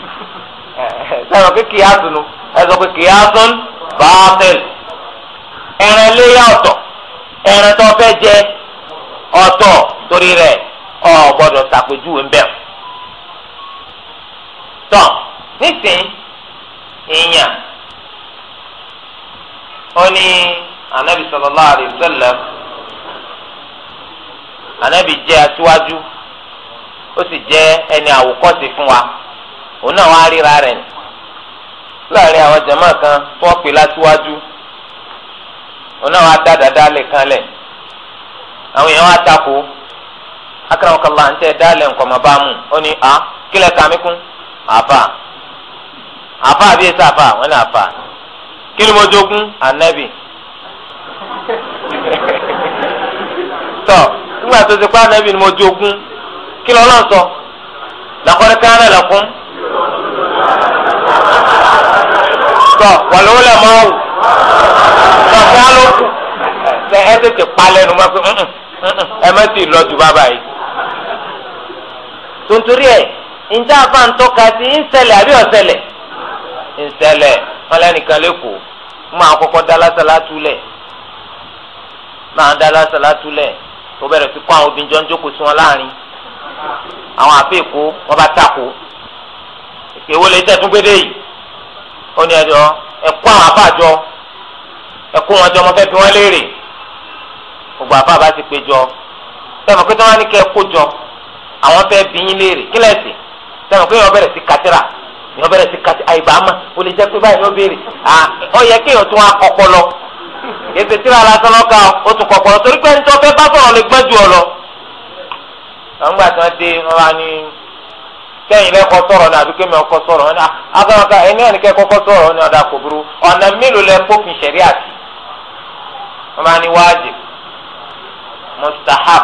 sọ̀rọ̀ (laughs) pé kì í àtúnú ẹ sọ pé kì í àtún báátẹ̀l ẹ̀rẹ̀ léyà ọ̀tọ̀ ẹ̀rẹ̀ tó fẹ́ jẹ ọ̀tọ̀ torí rẹ̀ ọ gbọ́dọ̀ ṣàpèjúwe ń bẹ̀. tọ́ nísìnyí èèyàn ó ní anabi sallallahu alaihi anabi jẹ́ aṣíwájú ó sì jẹ́ ẹni àwòkọ́ṣe fún wa òun náà wá ríra rẹ̀ ni láàrin àwọn jama kan tó wọ́n láṣíwájú òun náà dá dáadáa akaramakala ntẹ dalẹ nkọmọbaamu ó ní a ah, kílẹ kàmíkún àfà àfà àbí ẹsẹ àfà wọn ní àfà kílímọdógún ànábì (laughs) tọ nígbà tó ti pa ànábì ni mo jogún kílọ náà sọ làkọrẹ kánà lẹkún (laughs) tọ wàlúwò lẹmọọ tọ kí á ló kù ẹ ẹ tètè palẹ nu ma fi ẹ mẹ ti lọ ju bàbá yìí tontori ẹ njẹ afa ntọ́ka sí ńṣẹlẹ̀ àbí ọ̀ṣẹlẹ̀ ńṣẹlẹ̀ ọlẹ́nìkan lẹ́kọ̀ọ́ máa kọ́kọ́ dá lásàlá túlẹ̀ máa dá lásàlá túlẹ̀ ó bẹ̀rẹ̀ sí kó àwọn obìnrin jọ ń jókòó sí wọn láàrin àwọn àfẹ́ èkó wọn bá tako èwo lè tẹ̀ tún gbédè yìí ó ní ẹjọ́ ẹ̀kọ́ àwọn àfàjọ ẹ̀kọ́ wọn jọ ọmọ fẹ́ fi wọ́n léèrè gbogbo àfà bá ti péjọ bẹ́ẹ̀ mọ̀ pé tí wọ́n á ní kẹ́ kó jọ àwọn fẹ́ bí yín léèrè kílẹ̀sì sẹ́wọ̀n pé yọ bẹ̀rẹ̀ sí katira yọ bẹ̀rẹ̀ sí katira àyíbámá o lè jẹ́ pé báyìí yọ béèrè à ọ yẹ kéèyàn tún wá ètò o tún kọpọlọ torí pé fẹ́ bá lọ. àwọn gbà tí wọ́n dé wọn ní mi ọkọ ní sọ̀rọ̀ ní kò burú ọ̀nà mélòó lẹ ṣẹ̀rí àti máa ní mustahab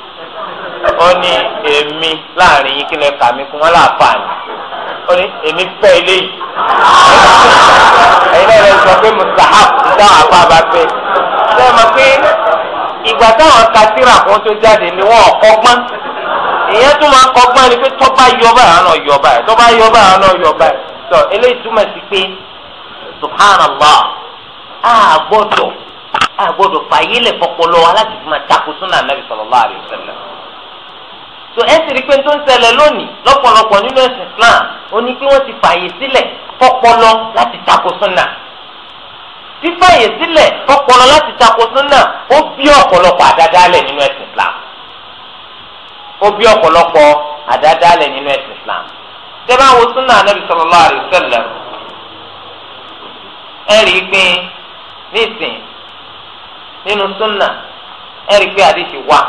ó ní èmi láàrin yín kí lè kà mí fún wọn láǹfààní ó ní èmi fẹ́ ilé yìí ẹ̀yin náà lè sọ pé mustahab dáhùn apá bá pé ṣé ẹ mọ̀ pé ìgbà táwọn ka síra kan tó jáde ni wọn ọ̀kọ́gbọ́n ìyẹn tó máa kọ́gbọ́n ni pé tọ́ba yọba àwọn náà yọba ẹ̀ tọ́ba yọba àwọn náà yọba ẹ̀ tọ́ eléyìí túmọ̀ sí pé subhanallah a gbọ́dọ̀ a gbọ́dọ̀ fààyè lẹ̀ fọpọlọ wa láti fi máa takò súnà nàbì sallallahu alaihi wasallam so ẹ sì rí pé tó ń ṣẹlẹ̀ lónìí lọ́pọ̀lọpọ̀ nínú ẹ̀sìn Islam ó ní pé wọ́n ti fààyè sílẹ̀ fọpọlọ láti takò súnà fífààyè sílẹ̀ fọpọlọ láti takò súnà ó bí ọ̀pọ̀lọpọ̀ àdádálẹ̀ nínú ẹ̀sìn Islam ó bí ọ̀pọ̀lọpọ̀ àdádálẹ̀ nínú ẹ̀sìn Islam tẹ́lá wo súnà nàbì sallallahu alaihi wasallam ẹ rí i pé nísìnyí nínú súnà ẹ̀rí pé àdìsí wà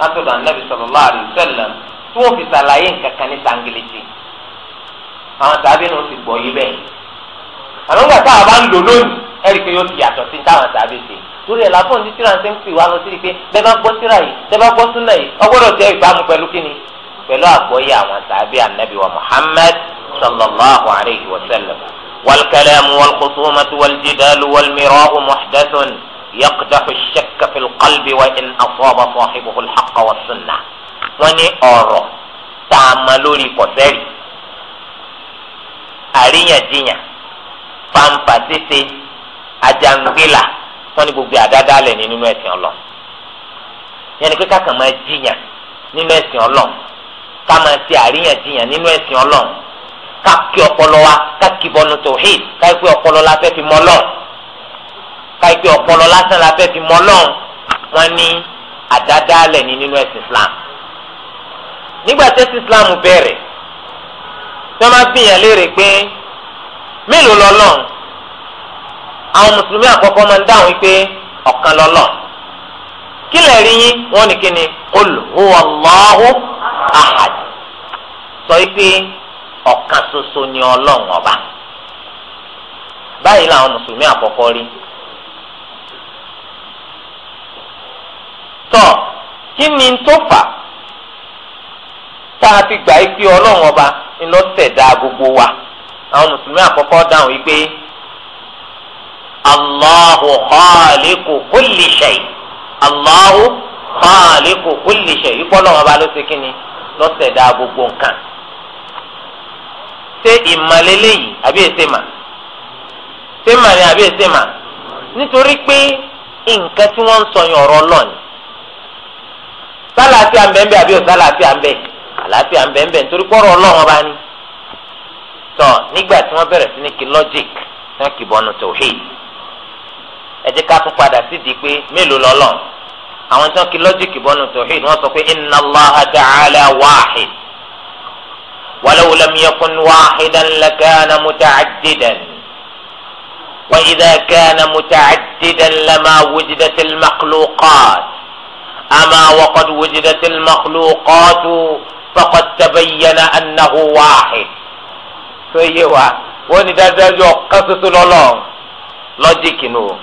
látọ̀dọ̀ ànábì sallallahu alaihi wasallam tí wọ́n fi ṣàlàyé nǹkan kan ní sàngìlìtì àwọn tàbí nù ti gbọ́ yí bẹ́ẹ̀ àwọn ìgbà tá a bá ń lò lónìí ẹ̀rí pé yóò ti yàtọ̀ sí táwọn tàbí ṣe torí ẹ̀ láfọ̀n tí tíra ń sẹ́ ń pè wá lọ sí i pé bẹ́ẹ̀ bá gbọ́ síra yìí bẹ́ẹ̀ bá gbọ́ súnà yìí ọgbọ́dọ̀ Muhammad sallallahu alayhi wa sallam wal kalamu wal khusumatu wal يقدح الشك في القلب وإن أصاب صاحبه الحق والسنة وني أورو تعملوا لي قسري أريني دينيا فانفاسيسي أجانبلا وني بقبي أدادا لني نمسي الله yẹn ni pé kákan máa jiyàn nínú ẹ̀sìn ọlọ́run ká máa ṣe àríyànjiyàn nínú ẹ̀sìn ọlọ́run ká kí ọpọlọ wa ká kí bọnu tòhíì ká pé ọpọlọ la fẹ́ fi mọ́ ọlọ́run káyipẹ ọpọlọ lásán la fẹ́ fi mọ lọ́n wọn ní àdádálẹ̀ ní nínú ẹ̀sìn islam nígbà tẹ́sí islam bẹ̀rẹ̀ tí wọ́n máa bìyàn léèrè pé mélòó lọ́lọ́n àwọn mùsùlùmí àkọ́kọ́ máa ń dáhùn pé ọ̀kan lọ́lọ́n kí lè rí yín wọ́n ní kíni qul huwa Allahu ahad sọ pé ọ̀kan ṣoṣo ni ọlọ́run ọba báyìí làwọn mùsùlùmí àkọ́kọ́ rí tán kí ni tó fà tá a fi gbà pé ọlọ́run ọba ńlọ ṣẹ̀dá gbogbo wa àwọn mùsùlùmí àkọ́kọ́ dáhùn wípé Allahu khaliqu kulli shay Allahu khaliqu kulli shay ipò ọlọ́run ọba ló ṣe kí ni ló ṣẹ̀dá gbogbo nǹkan ṣé ìmọ̀lélẹ́ yìí àbí èsè mà ṣé mà ni àbí èsè mà nítorí pé nǹkan tí wọ́n ń sọ yẹn ọ̀rọ̀ ọlọ́ọ̀ni sálàáfíà ń bẹ ń bẹ àbí ò sálàáfíà ń bẹ àlàáfíà ń bẹ ń bẹ nítorí pọ́rọ̀ ọlọ́run ọba ni. tọ́ nígbà tí wọ́n bẹ̀rẹ̀ sí ní kí logic tí wọ́n kì bọ́nu tòhíì ẹ jẹ́ ká tún padà sí di pé mélòó lọ́lọ́ àwọn tí wọ́n kí logic bọ́nu tòhíì wọ́n sọ pé inna Allaha ta'ala wahid walau lam yakun wahidan lakana muta'addidan wa idha kana muta'addidan lama wujidatil makhluqat. أما وقد وجدت المخلوقات فقد تبين أنه واحد سيوا wọ́n dájú ọ̀kan ṣoṣo lọ́lọ́run lọ́jíìkì nù o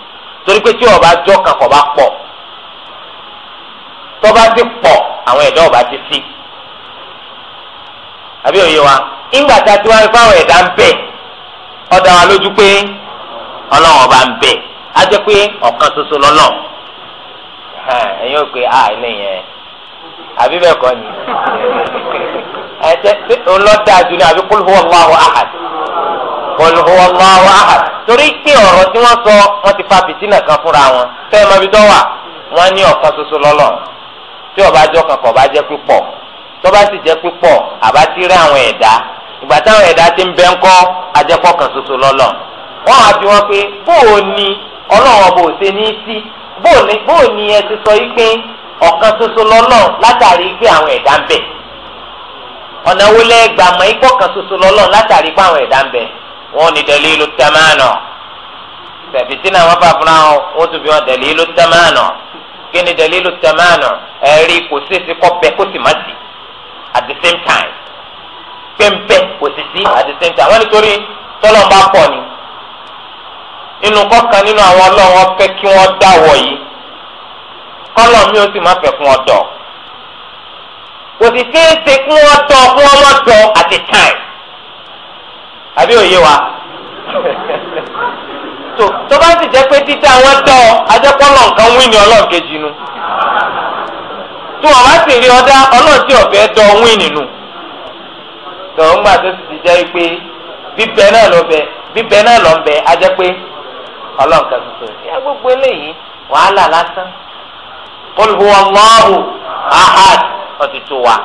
torí pé tí ọba jọ kan kọ̀ bá pọ̀ tọ́ba ti pọ̀ àwọn ẹ̀dá ọba ti sí àbí òye wa ìgbà tá a ti wá fáwọn ẹ̀dá ń bẹ ó dá wa lójú pé ọlọ́run ọba ń bẹ á jẹ́ pé ọ̀kan ṣoṣo lọ́lọ́run ẹ̀yin ò pé ah, a eléyẹn àbí bẹ́ẹ̀ kọ́ ni ẹ̀jẹ̀ ńlọ́dà jù ní àbí kul huwallahu ahad kul huwallahu ahad torí pé ọ̀rọ̀ tí wọ́n sọ wọ́n ti fa fìtínà kan fúnra wọn fẹ́ẹ́ mọ ibi tó wà wọ́n ní ọ̀kan ṣoṣo lọ́lọ́ tí ọba jọ kankan ọba jẹ́ pípọ̀ tọ́ba sì jẹ́ pípọ̀ àbá ti rí àwọn ẹ̀dá ìgbà táwọn ẹ̀dá ti ń bẹ́ ńkọ́ ajẹ́pọ̀ kan ṣoṣo lọ́lọ́ wọ́n á fi wọ́n pé bóò ni ọlọ́run ọba ò ṣe ní bóòní bóòní ẹ ti sọ yìí pé ọ̀kan ṣoṣo lọ́lọ́ látàrí pé àwọn ẹ̀dá ń bẹ ọ̀nà wo lẹ́ gbà mọ́ ikọ́ kan ṣoṣo lọ́lọ́ látàrí pé àwọn ẹ̀dá ń bẹ wọn ò ní dẹ̀lí ìlú tẹ́mánà tẹ̀bí tí náà wọ́n bá fúnra wọn ó tún fi wọn dẹ̀lí ìlú tẹ́mánà kí ni dẹ̀lí ìlú tẹ́mánà ẹ̀rí kò ṣeéṣe kọ́ bẹ kó sì má sí at the same time pé ń bẹ kò sì sí at the same time wọ́n nítorí tọ́lọ́ inú kọkàn nínú àwọn ọlọ́run ọ̀fẹ́ kí wọ́n dáwọ̀ yìí kọ́lọ̀ mi ò sì má fẹ́ fún ọ̀dọ̀ kò sì ṣeé ṣe kí wọ́n tọ́ kí at time àbí òye wa (laughs) tó bá sì jẹ́ pé títí àwọn tọ́ ajẹ́pọ́lọ̀ nǹkan wí ni nu tó wọn bá sì rí ọdá ọlọ́run ọ̀fẹ́ tọ́ wí nínú tó ń gbà tó sì ti jẹ́ pé bíbẹ náà lọ ọlọ́run kan tuntun ya, gbogbo eléyìí wàhálà lásán qul huwallahu ahad ọtí tó wa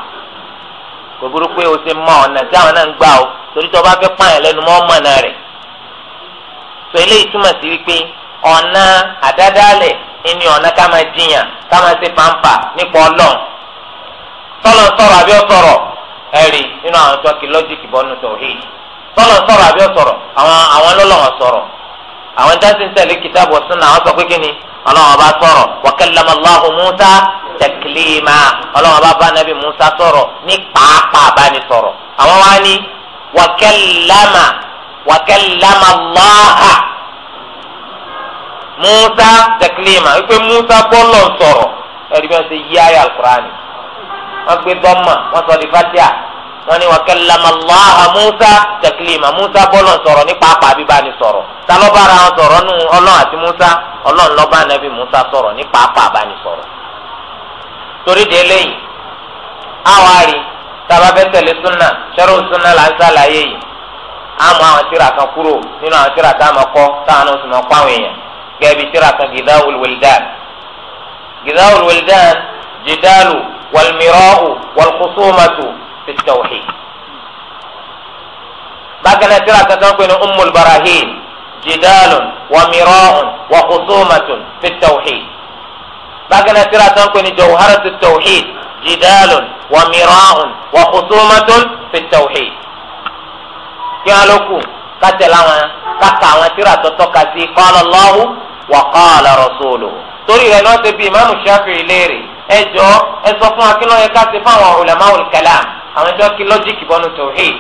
kò burú pé o ti mọ ọ̀nà tí àwọn náà ń gbà o torí tí wọ́n bá fẹ́ pààyàn lẹ́nu mọ́ ọmọ náà rẹ̀ tó eléyìí túmọ̀ sí wípé ọ̀nà àdádálẹ̀ ẹni ọ̀nà ká máa jiyàn ká máa ṣe pàǹpà nípa ọlọ́run tọ́lọ̀ sọ̀rọ̀ àbí ọ̀sọ̀rọ̀ ẹ̀rí nínú àwọn tó kí bọ́nu tọ̀hìn tọ́lọ̀ sọ̀rọ̀ àbí ọ̀sọ̀rọ̀ àwọn àwọn lọ́lọ́wọ̀n sọ̀rọ̀ àwọn dáńsì ń tẹ̀lé kìtàbù sunna àwọn sọ pé kí ni ọlọ́run ọba sọ̀rọ̀ wa kallama Allahu Musa taklima ọlọ́run ọba bá nàbì Musa sọ̀rọ̀ ní pàápàá báni sọ̀rọ̀ àwọn wá ní wa kallama wa kallama Allaha Musa taklima wípé Musa bọ́lọ̀ sọ̀rọ̀ ẹ̀rí bí wọ́n ṣe yí ayé alukurani wọ́n gbé dọ́mà wọ́n sọ wọ́n ní wàkàlámà lọ́hà musa tẹ̀kílìmà musa bọ́lọ̀ sọ̀rọ̀ nípa àpàbí bá ní sọ̀rọ̀ ta ló bára wọn sọ̀rọ̀ nù ọlọ́run àti musa ọlọ́run ló bá nàbí musa sọ̀rọ̀ nípa àpàbá ní sọ̀rọ̀. torí de eléyìí àwárí tába fẹ́ tẹ̀lé súnà sẹ́rọ̀ súnà là ń sàlàyé yìí àmọ́ àwọn tíra kan kúrò nínú àwọn tíra tá a máa kọ́ èèyàn gẹ́bí tíra kan gidawul wildan gidawul jidalu walmirau walkusumatu بالتوحيد بقنا ترى تتوقن أم البراهين جدال ومراء وخصومة في التوحيد بقنا ترى تتوقن جوهرة التوحيد جدال ومراء وخصومة في التوحيد كالوكو كتلانا كتلانا ترى تتوقع قال الله وقال رسوله torí rẹ lọ́sẹ̀ bíi imáàmù ṣáfìrì léèrè ẹjọ́ ẹ sọ fún akínọ́yẹ àwọn ẹjọ́ kí lọ́jíìkì bọ́nu tawhid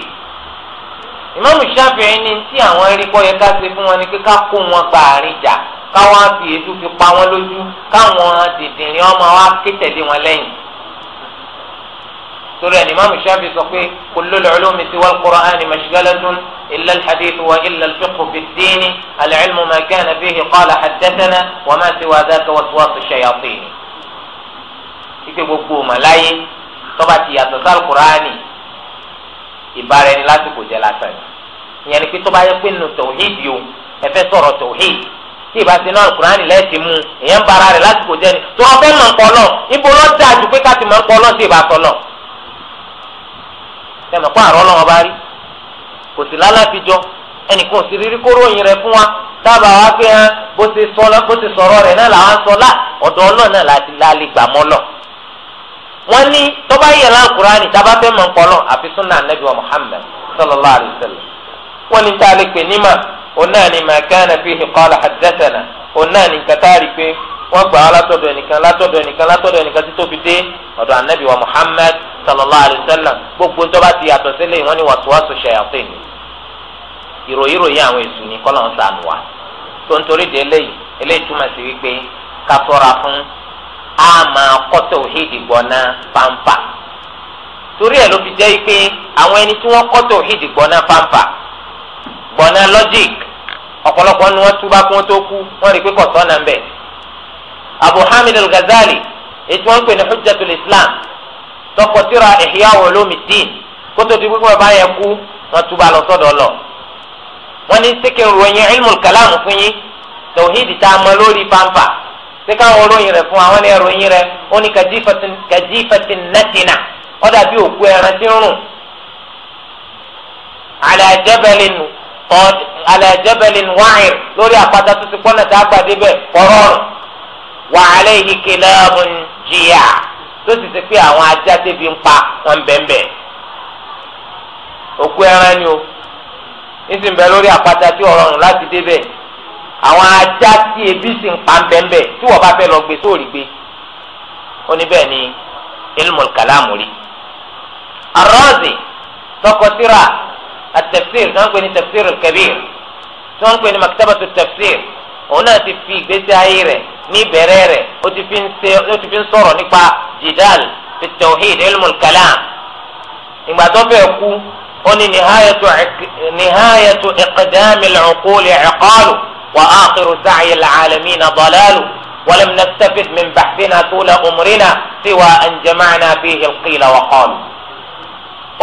ìmáàmù Ṣáfi'í ní tí àwọn ẹ̀ríkọ́ yẹ ká ṣe fún wọn ni pé ká kó wọn gba àárín jà káwọn fi èédú fi pa wọn lójú káwọn dìndìnrín ọmọ wa ké tẹ̀lé wọn lẹ́yìn torí ẹni Imam Shafi sọ pé kullul ulumi siwa al-Qur'ani mashghalatun illa al-hadith wa illa al-fiqh fi ad-din al tọ́ba ti yàtọ̀ sí alukur'ani ìbára ẹni lásìkò jẹ́ lásán ìyẹn ni pé tọ́ba yẹ pé nù tòwíìdì o ẹ fẹ́ sọ̀rọ̀ tòwíìdì tí ìbá ti náà alukur'ani lẹ́ẹ̀tì mú ìyẹn ń bara rẹ̀ lásìkò jẹ́ ni tó ọ fẹ́ mọ̀ ń pọlọ́ ibo lọ́ da ju pé ká ti mọ̀ ń pọlọ́ sí ìbá sọlọ́ tẹ̀mọ̀ kó àrọ́ lọ́wọ́ bá rí kò sí lálàfíjọ́ ẹnìkan ò sì rírí kóró yìí fún wa dábàá wá pé bó ti sọ̀rọ̀ rẹ̀ náà làwọn sọ lá ọ̀dọ̀ ọlọ́ọ̀ náà láti lálẹ́ gbàmọ́ lọ́ọ̀ wọ́n ní tọ́ba yẹn lánàá kúránì tábà fẹ́ mọ̀ nkọ́lọ́ àfi súnà anabi wa muhammed sallallahu alayhi wa sallam wọ́n ní tá a lè pè ní mà onáà ni mà kánà fi qala a rí pé wọ́n gbà á látọ̀dọ̀ ẹnìkan látọ̀dọ̀ ẹnìkan látọ̀dọ̀ ẹnìkan títí tó fi dé ọ̀dọ̀ anabi wa muhammed sallallahu alayhi wa sallam gbogbo tọ́ba ti yàtọ̀ sílẹ̀ wọ́n ní wàsíwàsó ṣayatin ìròyìn ìròyìn àwọn èṣù ni kọ́lọ́ ń sànù wa tó de eléyìí eléyìí túmọ̀ sí wípé ká fún a máa kọ́tọ̀ òhìdì gbọ́ná fáńfà torí ẹ̀ ló fi jẹ́ pé àwọn ẹni tí wọ́n kọ́tọ̀ òhìdì gbọ́ná fáńfà gbọ́ná logic ọ̀pọ̀lọpọ̀ ni wọ́n túbá kí wọ́n tó kú wọ́n rí i pé kò sọ́nà ń bẹ̀. Abu Hamid al-Ghazali ètò wọn pè ní hujjatul Islam tọkọtìrà Ihya Ulumuddin kótó ti pípọ̀ bá yẹ kú wọ́n túbá lọ sọ́dọ̀ lọ. wọ́n ní sékè ròyìn ilmul kalam fún yín tòhídì tá a mọ lórí fáńfà pé káwọn ròyìn rẹ̀ fún àwọn ní ẹròyìn rẹ̀ ó ní kàjífẹ̀tì nàdínà ó dàbí òkú ẹran tí ń rùn àlàjẹbẹlin wáyìn lórí àpáta tó ti pọ́nà tá a gbà débẹ̀ kọ́rọ́ọ̀rùn wà á lè yí kìlọ́ọ̀bù jìyà tó sì ti pé àwọn ajá débi ń pa wọn bẹ́ẹ̀nbẹ́ òkú ẹran ni o ní sì ń bẹ lórí àpáta tí ọ̀rọ̀rùn láti débẹ̀ àwọn ajá tí ebi sì ń pa bẹ́ẹ̀nbẹ́ tí wọ́n bá fẹ́ lọ gbé sóòrì gbé ó ní bẹ́ẹ̀ ni ilmul kalamu rí. arọ́ọ̀zì tọkọtìrà àtẹ̀fsìr tí wọ́n ń pè ní tẹ̀fsìr kabir tí wọ́n ń pè ní maktabatu tẹ̀fsìr òun náà ti fi ìgbésí ayé rẹ̀ ní ìbẹ̀rẹ̀ rẹ̀ ó ti fi ń sọ̀rọ̀ nípa jidal fi ilmul kalam ìgbà tó fẹ́ kú ó ní nihayatu iqdamil uquli iqalu. وآخر سعي العالمين ضلال ولم نستفد من بحثنا طول عمرنا سوى أن جمعنا فيه القيل وقال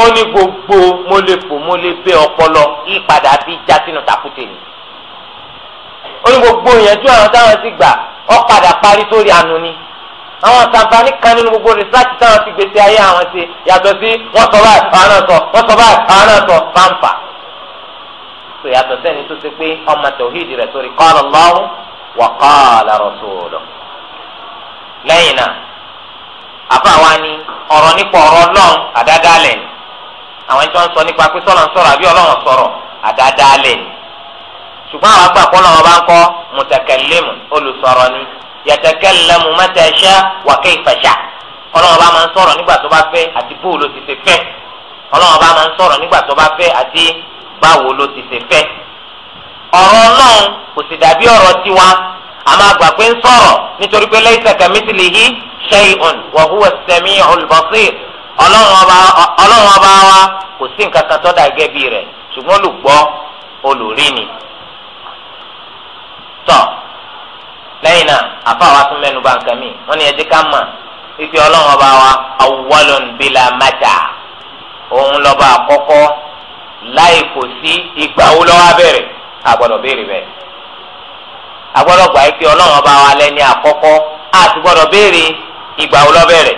ó ní gbogbo mólefò mólefe ọpọlọ ìpadà bí já sínú takùtì ni ó ní gbogbo ìyẹn tí àwọn táwọn ti gbà ọ padà parí sórí àánú ni àwọn sàǹfààní kan nínú gbogbo rìsáàtì táwọn ti gbèsè ayé àwọn ṣe yàtọ̀ sí wọ́n sọ báyìí àwọn náà sọ wọ́n sọ báyìí àwọn náà sọ fáńfà sọ yàtọ̀ sẹ́ni tó ṣe pé ọmọ tòhídì rẹ̀ sórí qala Allahu wa qala rasuluhu. lẹ́yìn náà àfa wa ni ọ̀rọ̀ nípa ọ̀rọ̀ ọlọ́run àdádálẹ̀ ni àwọn ẹni tó ń sọ nípa pé sọ́lọ̀ ń sọ̀rọ̀ àbí ọlọ́run sọ̀rọ̀ àdádálẹ̀ ni ṣùgbọ́n àwọn àgbà kọ́ lọ́wọ́ bá ń kọ́ mùtàkẹ́lẹ́mù olùsọ̀rọ̀ ni yàtàkẹ́lẹ́mù mẹ́tẹ̀ẹ̀ṣẹ́ wa kayfa sha ọlọ́wọ́ bá máa ń sọ̀rọ̀ nígbà tó bá fẹ́ àti báwo ló ti ṣe fẹ́. ọ̀rọ̀ ọlọ́run kò sì dàbí ọ̀rọ̀ tiwa àmọ́ àgbà pé ń sọ̀rọ̀ nítorí pé laysa kamithlihi shay'un wa huwa as-sami'ul basir ọlọ́run ọba wa kò sí nǹkan kan tó dàgẹ́ bí rẹ̀ ṣùgbọ́n olùgbọ́ olùrí ni. tọ́ lẹ́yìn náà àfàwà tún mẹ́nu bá nǹkan mi wọ́n ní ẹ ká mọ̀ wípé ọlọ́run ọba wa awwalun bila òun lọ́ba àkọ́kọ́ láì kò sí ìgbà wo lọ́wọ́ abẹ́rẹ́ àgbọ̀dọ̀ béèrè bẹ́ẹ̀ àgbọ̀dọ̀ gbà pé ọlọ́run ọba wa lẹ́ni àkọ́kọ́ àti gbọ́dọ̀ béèrè ìgbà wo lọ́bẹ̀rẹ̀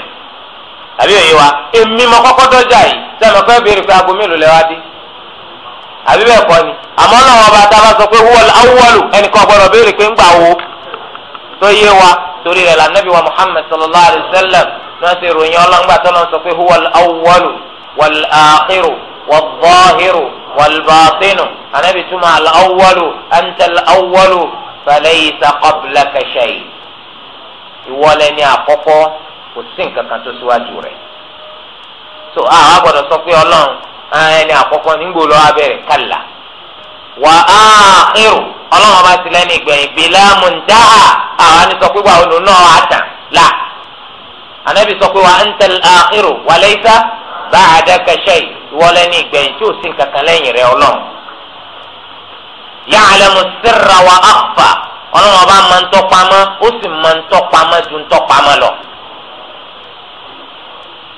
àbí òye wa èmi mọ kọ́kọ́ dọ́jà yìí sẹ́mi ọ̀fẹ́ béèrè pé aago mélòó lẹ́wà dé àbí bẹ́ẹ̀ kọ́ ni àmọ́ ọlọ́run ọba tá a bá sọ pé awúwọ́lù ẹnìkan gbọ́dọ̀ béèrè pé ńgbà wo tó yé wa torí rẹ̀ lànàbí wa muhammed sallallahu alayhi wa sallam náà ṣe ròyìn ọlọ́ngbà tó lọ́n sọ pé huwal awúwọ́lù والظاهر والباطن أنا بتما الأول أنت الأول فليس قبلك شيء ìwọlẹ̀ ni àkọ́kọ́ kò sí nǹkan kan tó síwájú rẹ̀ so àwọn agbọ́dọ̀ sọ pé ọlọ́run ẹni àkọ́kọ́ nígbò lọ́wọ́ abẹ́rẹ́ kàlà wà á irun ọlọ́run ọba ti lẹ́nu ìgbẹ̀yìn bílá mundaha àwọn àni sọ pé wà ó lòun náà àtàn là ànábì sọ pé wà á ń tẹ̀lé àkírò wà lẹ́yìn sá bá àdàkà ṣẹ́yìn ìwọlẹ́ ní ìgbẹ̀yìn tí ò sí nǹkan kan lẹ́yìn rẹ̀ ọlọ́run. ya'lamu sirra wa akhfa ọlọ́run ọba máa ń tọ́pamọ́ ó sì máa ń tọ́pamọ́ ju ń tọ́pamọ́ lọ.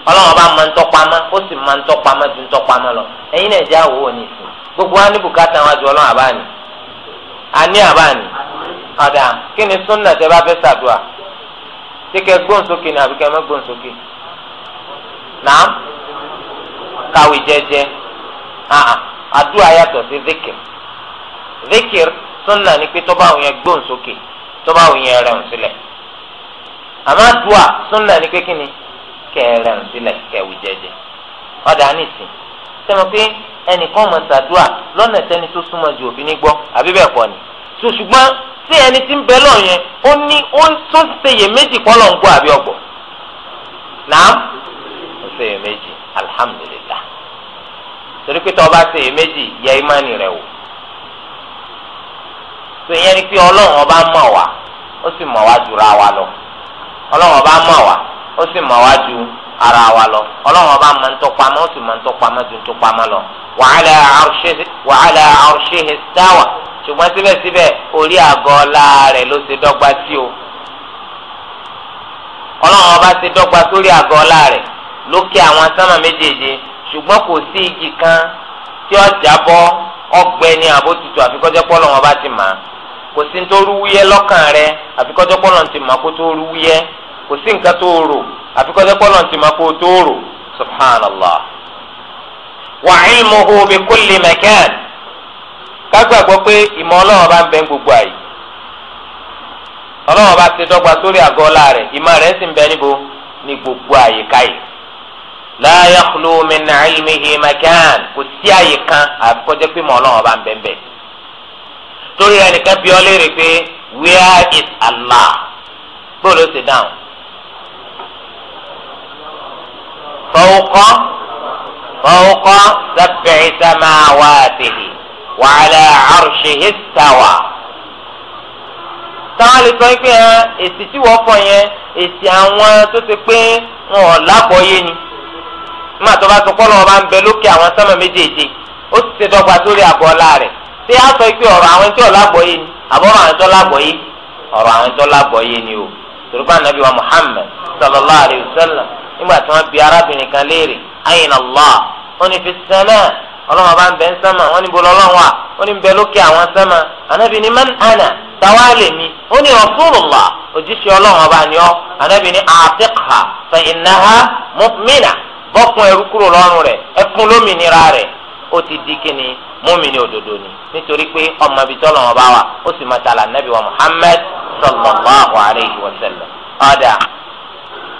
ọlọ́run ọba máa ń tọ́pamọ́ ó sì máa ń tọ́pamọ́ ju ń tọ́pamọ́ lọ. ẹ̀yin náà jẹ́ àwòwò ní ìsìn gbogbo wa ní bùkátà wọn ju ọlọ́run àbá ni. àní àbá ni. ọ̀dà kí ni súnà tẹ bá fẹ́ ṣàdúrà? kíkẹ́ gbóhùn ni àbíkẹ́ mọ́ gbóhùn sókè kàwé jẹ́jẹ́ àdúrà yàtọ̀ sí zikir zikir sunna ni pé tọ́ba àwọn yẹn gbóhùn sókè tọ́ba àwọn yẹn rẹ̀ sílẹ̀ àmọ́ àdúrà sunna ni pé kí ni kẹrẹ̀ ń sílẹ̀ kẹwì jẹ́jẹ́ ọ̀dà nìsín sẹ́mi pé ẹnìkan mọ̀ sàdúrà lọ́nà tẹ́ni tó súnmọ́ ju òbí ní gbọ́ àbí bẹ́ẹ̀ kọ́ ni tó ṣùgbọ́n tí ẹni tí ń bẹ lọ yẹn ó ní ó tó ṣeyè méjì kọ́ lọ́ ń gbọ́ àbí ọ̀gbọ́ nàá ó ṣeyè méjì alhamdulillah torí pé tọ́ ọ bá ṣe èméjì yẹ ìmánì rẹ wò tó yẹn ni pé ọlọ́run ọba mọ̀ wá ó sì mọ̀ wá jura wa lọ ọlọ́run ọba mọ̀ wá ó sì mọ̀ wá ju ara wa lọ ọlọ́run ọba mọ̀ ntọ́pamọ́ ó sì mọ̀ ntọ́pamọ́ ju ntọ́pamọ́ lọ wa ala arshihi wa ala arshihi istawa ṣùgbọ́n síbẹ̀síbẹ̀ orí àgọ́ ọlá rẹ̀ ló ṣe dọ́gba sí o ọlọ́run ọba ṣe dọ́gba sórí àgọ́ ọlá rẹ̀ lókè àwọn sánmà méjèèje ṣùgbọ́n kò sí igi kan tí ó jábọ́ ọgbẹ ní àbótutù àfikọ́jẹ́ pọ́lọ́ wọn bá ti mà á kò sí ní tó rúwúyẹ́ lọ́kàn rẹ àfikọ́jẹ́ pọ́lọ́ ti mà kó tó rúwúyẹ́ kò sí nǹkan tó rò àfikọ́jẹ́ pọ́lọ́ ti mà kó tó rò subhanallah. wa ilmuhu bi kulli makan kágbàgbọ́ pé ìmọ̀ ọlọ́wọ́ bá ń bẹ gbogbo àyè ọlọ́wọ́ bá ti dọ́gba sórí àgọ́ ọlá rẹ̀ ìmọ̀ rẹ̀ sì ń bẹ níbo ní gbogbo àyè káyìí la yakhlu min ilmihi makan kò sí àyè kan àfikọ́jẹ́ pé mọ̀ ọlọ́run ọba ń bẹ́ẹ̀ bẹ́ẹ̀. torí ẹnìkan bí ọ léèrè pé where is Allah bóòlù ó sì dáhùn. fọwọ́kọ́ fọwọ́kọ́ sab'i samawatihi wa ala arshihi istawa. táwọn lè sọ pé èsì tí wọ́n fọ yẹn èsì àwọn tó ti pé wọn ò lágbọ́yé ni nígbà tó bá sọ pé ọlọ́wọ́ bá ń bẹ lókè àwọn sánmà méjèèjì ó sì ṣe dọ́gba sórí àgọ́ ọlá rẹ̀ ṣé á sọ pé ọ̀rọ̀ àwọn tí ò lágbọ́ yé ni àbọ̀rọ̀ àwọn tó lágbọ́ yé ọ̀rọ̀ àwọn tó lágbọ́ yé ni o turban nabi wa Muhammad sallallahu alayhi wa sallam nígbà tí wọ́n bi arábìnrin kan léèrè ayna Allah ó ní fi sẹ́nà ọlọ́wọ́ bá ń bẹ ń sánmà wọ́n ní bolo bọ́kùn ẹrú kúrò lọ́rùn rẹ̀ ẹkún lómìnira rẹ̀ ó ti di kíni múmìnì òdodo ni nítorí pé ọmọ ibi tọ́lọ̀ wọn bá wà ó sì máa tala nàbí wa Muhammad sallallahu alayhi wa sallam. ọ̀dà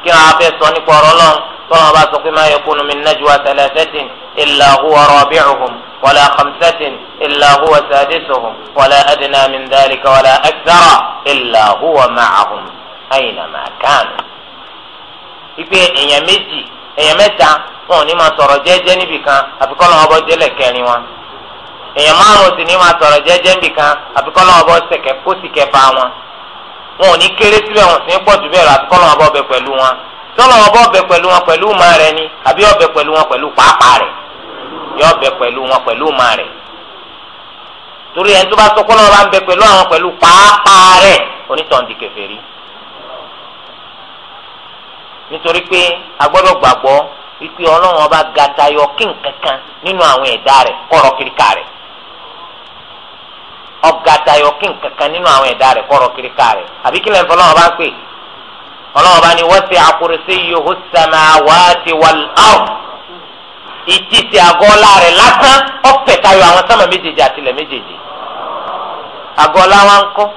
kí wọn á fẹ́ sọ nípa ọ̀rọ̀ lọ́n tọ́lọ̀ bá sọ pé ma yakunu min najwa thalathatin illa huwa rabi'uhum wala khamsatin illa huwa sadisuhum wala adna min dhalika wala akthara illa huwa ma'ahum aynama kanu. ìpè èèyàn méjì èèyàn mẹ́ta wọn ò ní máa sọ̀rọ̀ jẹ́jẹ́ níbì kan àfi kọ́ lọ́wọ́ bọ́ jẹ́lẹ̀ kẹrin wọn èèyàn márùn sì ní máa sọ̀rọ̀ jẹ́jẹ́ níbì kan àfi kọ́ lọ́wọ́ bọ́ sẹ̀kẹ́ kó sì kẹfà wọn wọn ò ní kéré síbẹ̀ wọn sì ní pọ̀ jù bẹ́ẹ̀ lọ àfi kọ́ lọ́wọ́ bọ́ pẹ̀lú wọn tọ́lọ́wọ́ bọ́ bẹ pẹ̀lú wọn pẹ̀lú ma rẹ ni àbí yọ bẹ pẹ̀lú wọn pẹ̀lú pàápàá rẹ yọ bẹ pẹ̀lú wọn pẹ̀lú ma rẹ torí ẹni tó bá sọ kọ́ nítorí pé a gbọ́dọ̀ gbàgbọ́ wípé ọlọ́run ọba ga tayọ kí nkankan nínú àwọn ẹ̀dá rẹ̀ kọ́rọ̀ kíríkà rẹ̀ ọ̀gá tayọ kí nkankan nínú àwọn ẹ̀dá rẹ̀ kọ́rọ̀ kíríkà rẹ̀ àbí kílẹ̀ ń fọlọ́run ọba ń pè ọlọ́run ọba ni wọ́n ṣe àkùrẹ́sẹ́ yòó sàmà wáàdì wàlúù ìtìsí àgọ́ ọlá rẹ̀ lásán tayọ àwọn méjèèjì méjèèjì àgọ́ ọlá wa ń kọ́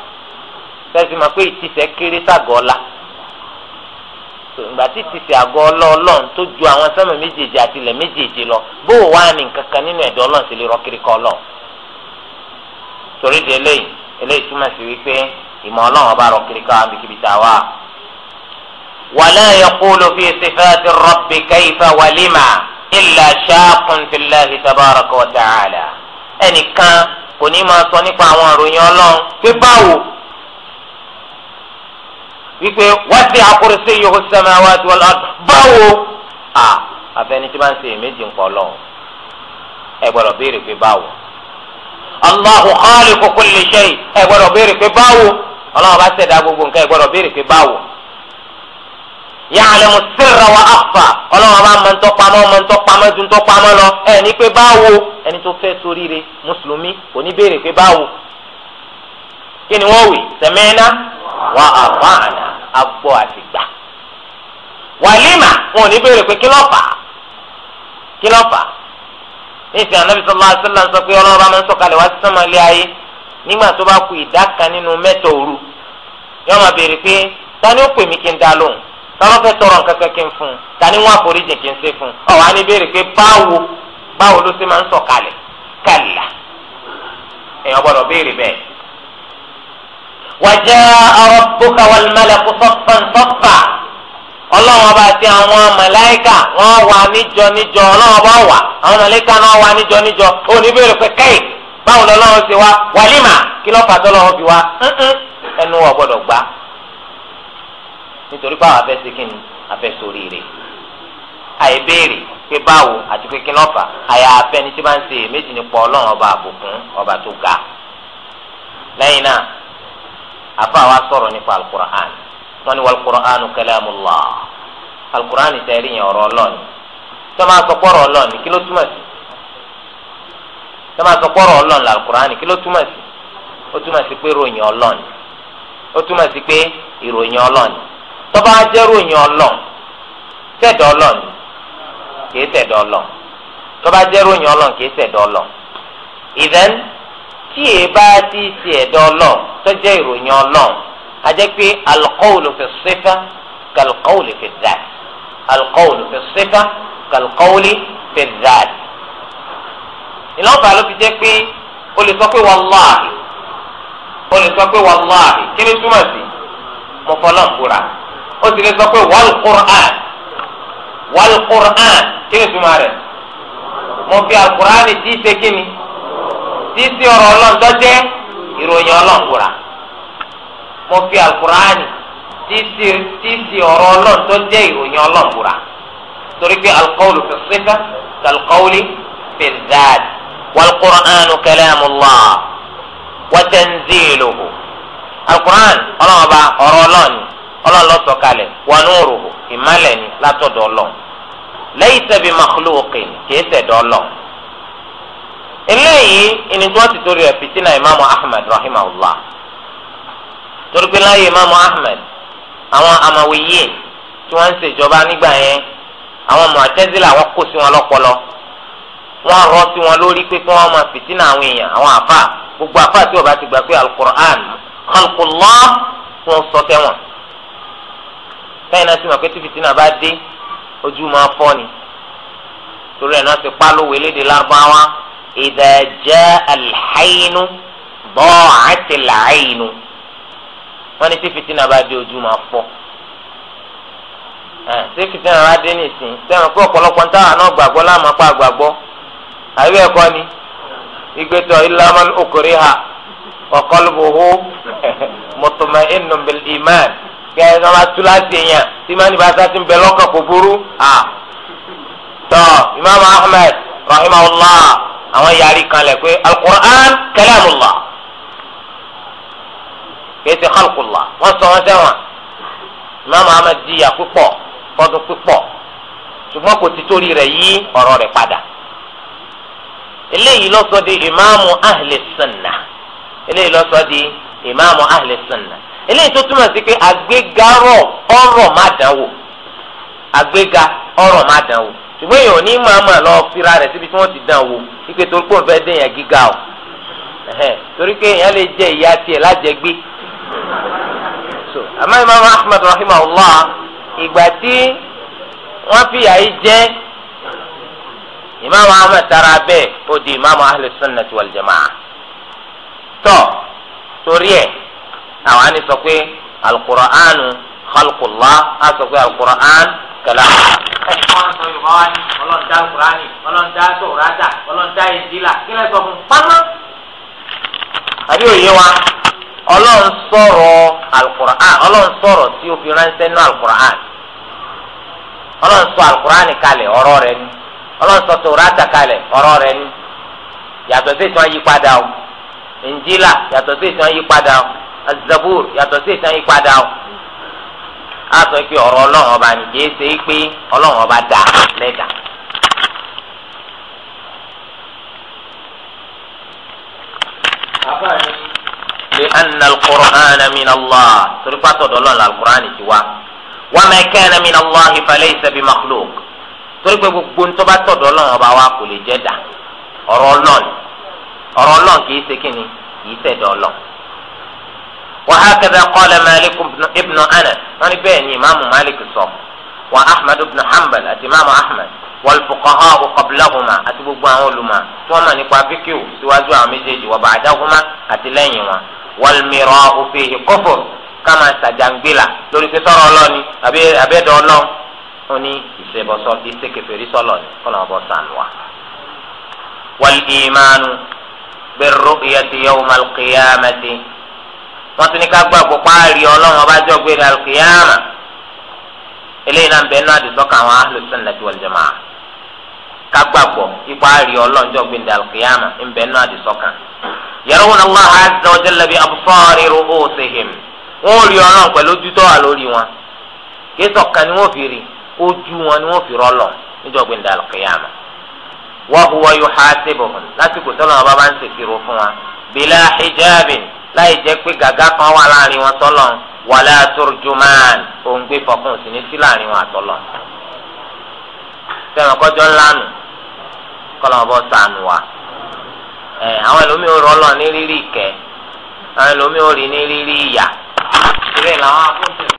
ìgbà tí ti fi àgọ́ ọlọ́ọ̀lọ́n tó ju àwọn sánmà méjèèjì àti ilẹ̀ méjèèjì lọ bó o wá ní kankan nínú ẹ̀dọ́ ọlọ́run sì lè rọ kiri kọ́ ọlọ́run torí di eléyìí eléyìí túmọ̀ sí wípé ìmọ̀ ọlọ́run ọba rọ kiri káwọn tá a wá. wala yaqulu fi sifati rabbi kayfa wa lima illa shaqun fillahi tabaraka wa ta'ala ẹnìkan kò ní máa sọ nípa àwọn ìròyìn ọlọ́run pé báwo wípé wasi kursiyuhu samawati wal ard báwo a àfẹni tí bá ń ṣe èméjì ń kọ́ lọ́wọ́ ẹ gbọ́dọ̀ béèrè pé báwo Allahu khaliqu kulli shay ẹ gbọ́dọ̀ béèrè pé báwo Ọlọ́run bá ṣẹ̀dá gbogbo nǹkan ẹ gbọ́dọ̀ béèrè pé báwo yàlẹ́mu sirra wa akhfa ọlọ́wọ́n bá mọ ntọ́ pamọ́ mọ ntọ́ pamọ́ ju ntọ́ pamọ́ lọ ẹ pé báwo ẹni tó fẹ́ ṣoríire mùsùlùmí kò ní béèrè pé báwo kí ni wọ́n wì sẹ́mẹ́nà wà àfàànà agbọ́ àtìgbà. wàlímà wọn ò ní béèrè pé kí ló fà á kí ló fà á. nísìnyí anabi sallallahu alaihi wasallam sọ pé ọlọ́run bá máa ń sọ̀kalẹ̀ wá sí sánmàlẹ́ ayé nígbà tó bá ta ó pè mí kí n tọrọ nǹkan kan kí ta ni kí n ṣe fún un ọ̀ wá ní pé báwo báwo ló ṣe máa ń kàlà gbọ́dọ̀ béèrè bẹ́ẹ̀. وجاء ربك والملك صفا صفا ọlọ́run ọba àti àwọn màláíkà wọ́n wà níjọ níjọ ọlọ́run ọba wà àwọn màláíkà náà wà níjọ níjọ oníbèrè pé kẹ́ì báwo lọ́lọ́run ti wá wàlímà kí ló fàtọ́ lọ́run fi wá ẹnu wọn gbọ́dọ̀ gbà nítorí báwo afẹ́ sí kíni afẹ́ sórí rẹ̀ àìbéèrè pé báwo àti pé kí ló fà àyà afẹ́ni tí bá ń ṣe èméjì nípa ọlọ́run ọba àbùkún ọba tó ga lẹ́yìn náà àfa wa sọ̀rọ̀ nípa alukur'an wọn ni walukur'an kalamullah alukur'an tẹ̀rí yẹn ọ̀rọ̀ ọlọ́ọ̀ni tọ́mọ asọ̀kpọ̀rọ̀ ọlọ́ọ̀ni kí ló túmọ̀ sí tọ́mọ asọ̀kpọ̀rọ̀ ọlọ́ọ̀ni alukur'an kí ló túmọ̀ sí ó túmọ̀ sí pé ròyìn ọlọ́ọ̀ni ó túmọ̀ sí pé ìròyìn ọlọ́ọ̀ni tọ́ba jẹ́ ròyìn ọlọ́ọ̀ni tẹ̀dọ̀ ọlọ́ọ̀ni kìí tẹ̀dọ̀ ọlọ́ọ̀ni tọ́ba jẹ́ ròyìn ọlọ́ọ̀ni kìí tẹ̀dọ̀ ọlọ́ọ̀ni ìdẹ́n tí èyí bá ti ti ẹ̀dọ́ ọlọ́ọ̀ tó jẹ́ ìròyìn ọlọ́ọ̀ a jẹ́ pé alqawlu fi sifa kalqawli fi dhat alqawlu fi sifa kalqawli fi dhat. ìlànà ló fi jẹ́ pé o lè sọ pé wàláhì o lè sọ pé wàláhì kí ni túmọ̀ sí mo fọlọ́ ń búra o sì lè sọ pé wàl qur'an wàl qur'an kí ni túmọ̀ rẹ̀ mo fi alqur'an ti ṣe kí ni sísí ọ̀rọ̀ Ọlọ́run tó jẹ́ ìròyìn Ọlọ́run wúra mo fi alukur'ani sísí ọ̀rọ̀ Ọlọ́run tó jẹ́ ìròyìn Ọlọ́run wúra torí pé alukọ́wùlù fi sífà kàlukọ́wùlì fi dáad wàlùkùránù kalamullah wàtẹ́nzílùhù alukur'an Ọlọ́run ọba ọ̀rọ̀ Ọlọ́run Ọlọ́run ló sọ̀kalẹ̀ wọnúùrùhù ìmálẹ̀ ni látọ̀dọ̀ Ọlọ́run laysa bi makhluqin kìí ṣẹ̀dọ̀ Ọlọ́run eléyìí ìnìgbọ́n ti torí ẹ̀ fìtínà ìmáàmù ahmed rahimahullah torí pé láyé ìmáàmù ahmed àwọn amawiyé tí wọ́n ń ṣèjọba nígbà yẹn àwọn mọ̀tẹ́sílà wọ́n kó sí wọn lọ́pọlọ wọ́n rọ́ sí wọn lórí pé kí wọ́n máa fìtínà àwọn èèyàn àwọn àfa gbogbo àfa tí ó bá ti gbà pé alukur'an khalqullah kí wọ́n sọ tẹ́wọ̀n kẹ́yìn náà sì mọ̀ pé tí fìtínà bá dé ojú máa fọ́ ni torí ẹ̀ náà ti pa lówó elédè lárúbáwá إذا جاء الحين ضاعت العين wọ́n ní tí fìtínà bá dé ojú máa fọ́ tí fìtínà bá dé nìsín sẹ́wọ̀n pé ọ̀pọ̀lọpọ̀ ń táwọn náà gbàgbọ́ láàmú apá gbàgbọ́ àbí ẹ̀kọ́ ni ìgbẹ́tọ̀ ìlànà okòrè ha ọ̀kọ́lùbùhù mọ̀tòmọ̀ ìnùbìl ìmáàn kí ẹ̀ ẹ̀ máa tú láti yàn tí mání bá sá ti ń bẹ lọ́kàn kò burú. tọ́ Imam Ahmed rahimahullah àwọn yaari kan lẹ pé alukur'an kalamullah kese khalqullah wọn sọ wọn sẹwọn mama ama diya pípọ̀ fọdún pípọ̀ ṣùgbọ́n kò ti torí rẹ̀ yí ọ̀rọ̀ rẹ̀ padà eléyìí ló sọ di imaamu ahli sunna eléyìí ló sọ di imaamu ahli sunna eléyìí tó túmọ̀ sí pé àgbéga ọ̀rọ̀ má dánwò àgbéga ọ̀rọ̀ má dánwò ṣùgbọ́n èèyàn ní màmá lọ fira rẹ̀ síbi tí wọ́n ti dán wò ike torí pé òun fẹ́ dé èèyàn gíga o torí pé èèyàn lè jẹ ìyá tiẹ̀ lájẹgbé àmọ́ imam ahmed rahimahullah ìgbà tí wọ́n fìyà yìí jẹ́ imam ahmed tara bẹ́ẹ̀ ó di imam ahlus sunnah wal jamaah tọ́ torí ẹ̀ àwọn àni sọ pé alukur'an khalqullah á sọ pé alukur'an salam. ẹni wọn sọ yorùbá wa ni ọlọ́ọ̀dá kurani ọlọ́ọ̀dá tòwúrátà ọlọ́ọ̀dá ìdílà kílẹ̀ sọ fún pátá. àbí wa ọlọ́run sọ̀rọ̀ alukur'an ọlọ́run sọ̀rọ̀ tí o fi ránṣẹ́ nínú alukur'an ọlọ́run sọ alukur'an kalẹ̀ ọ̀rọ̀ rẹ̀ ni ọlọ́run sọ tòwúrátà kalẹ̀ ọ̀rọ̀ rẹ̀ ni yàtọ̀ sí ìtàn yí padà o ìnjílà yàtọ̀ sí ìtàn yí o azabur yàtọ̀ sí ìtàn yí padà o á sọ pé ọ̀rọ̀ ọlọ́run ọba nìyẹn ṣe é pé ọlọ́run ọba dá lẹ́dà. لأن القرآن من الله ترفعت دولان القرآن سوا وما كان من الله فليس بمخلوق torí pé gbogbo ń tọ́ba tọ̀dọ̀ ọlọ́run ọba wa kò lè jẹ́ dà ọ̀rọ̀ ọlọ́run ọ̀rọ̀ ọlọ́run kì í ṣe kí ni kì í ṣẹ̀dọ̀ ọlọ́run. وهكذا قال مالك بن ابن أنس من بيني إمام مالك صم وأحمد بن حنبل الإمام أحمد والفقهاء قبلهما أتبوا علماء ثم نقوى فيكيو سواجوا عمجيج وبعدهما أتلينيوا والمراء فيه كفر كما سجنبلا لولي كسر الله أبي أبي دولون oni ìṣèbọsọ ìṣèkèfèrí sọlọ ni kọlọ ọbọ sànùwà. wal imanu bir ru'yati yawmal qiyamati wọ́n tún ní ká gbàgbọ́ páàrí ọlọ́run ọba jọ gbé ra eléyìí náà ń bẹ náà àdìsọ́kà àwọn ahlùsùnnàtì wal jàmáà ká gbàgbọ́ ipáàrí jọ gbé ra ń bẹ náà àdìsọ́kà. yarawna Allah azza wa jalla bi absari ru'usihim wọn kan ni fi rí ojú wọn ni fi gbé láì jẹ́ pé gàgá kan wà láàrin wọn sọ́lọ̀ wàlẹ́ àtúrjùmáàn òun gbé fọkàn sí ní sí láàrin wọn àtọ́lọ̀ sẹ́wọ̀n kọjọ́ ńlá nù kọ́lọ́ ọ̀bọ sànù wa ẹ̀ àwọn ẹlòmíì ò rọ́lọ̀ ní rírí ìkẹ́ àwọn ẹlòmíì ò rí ní rírí ìyà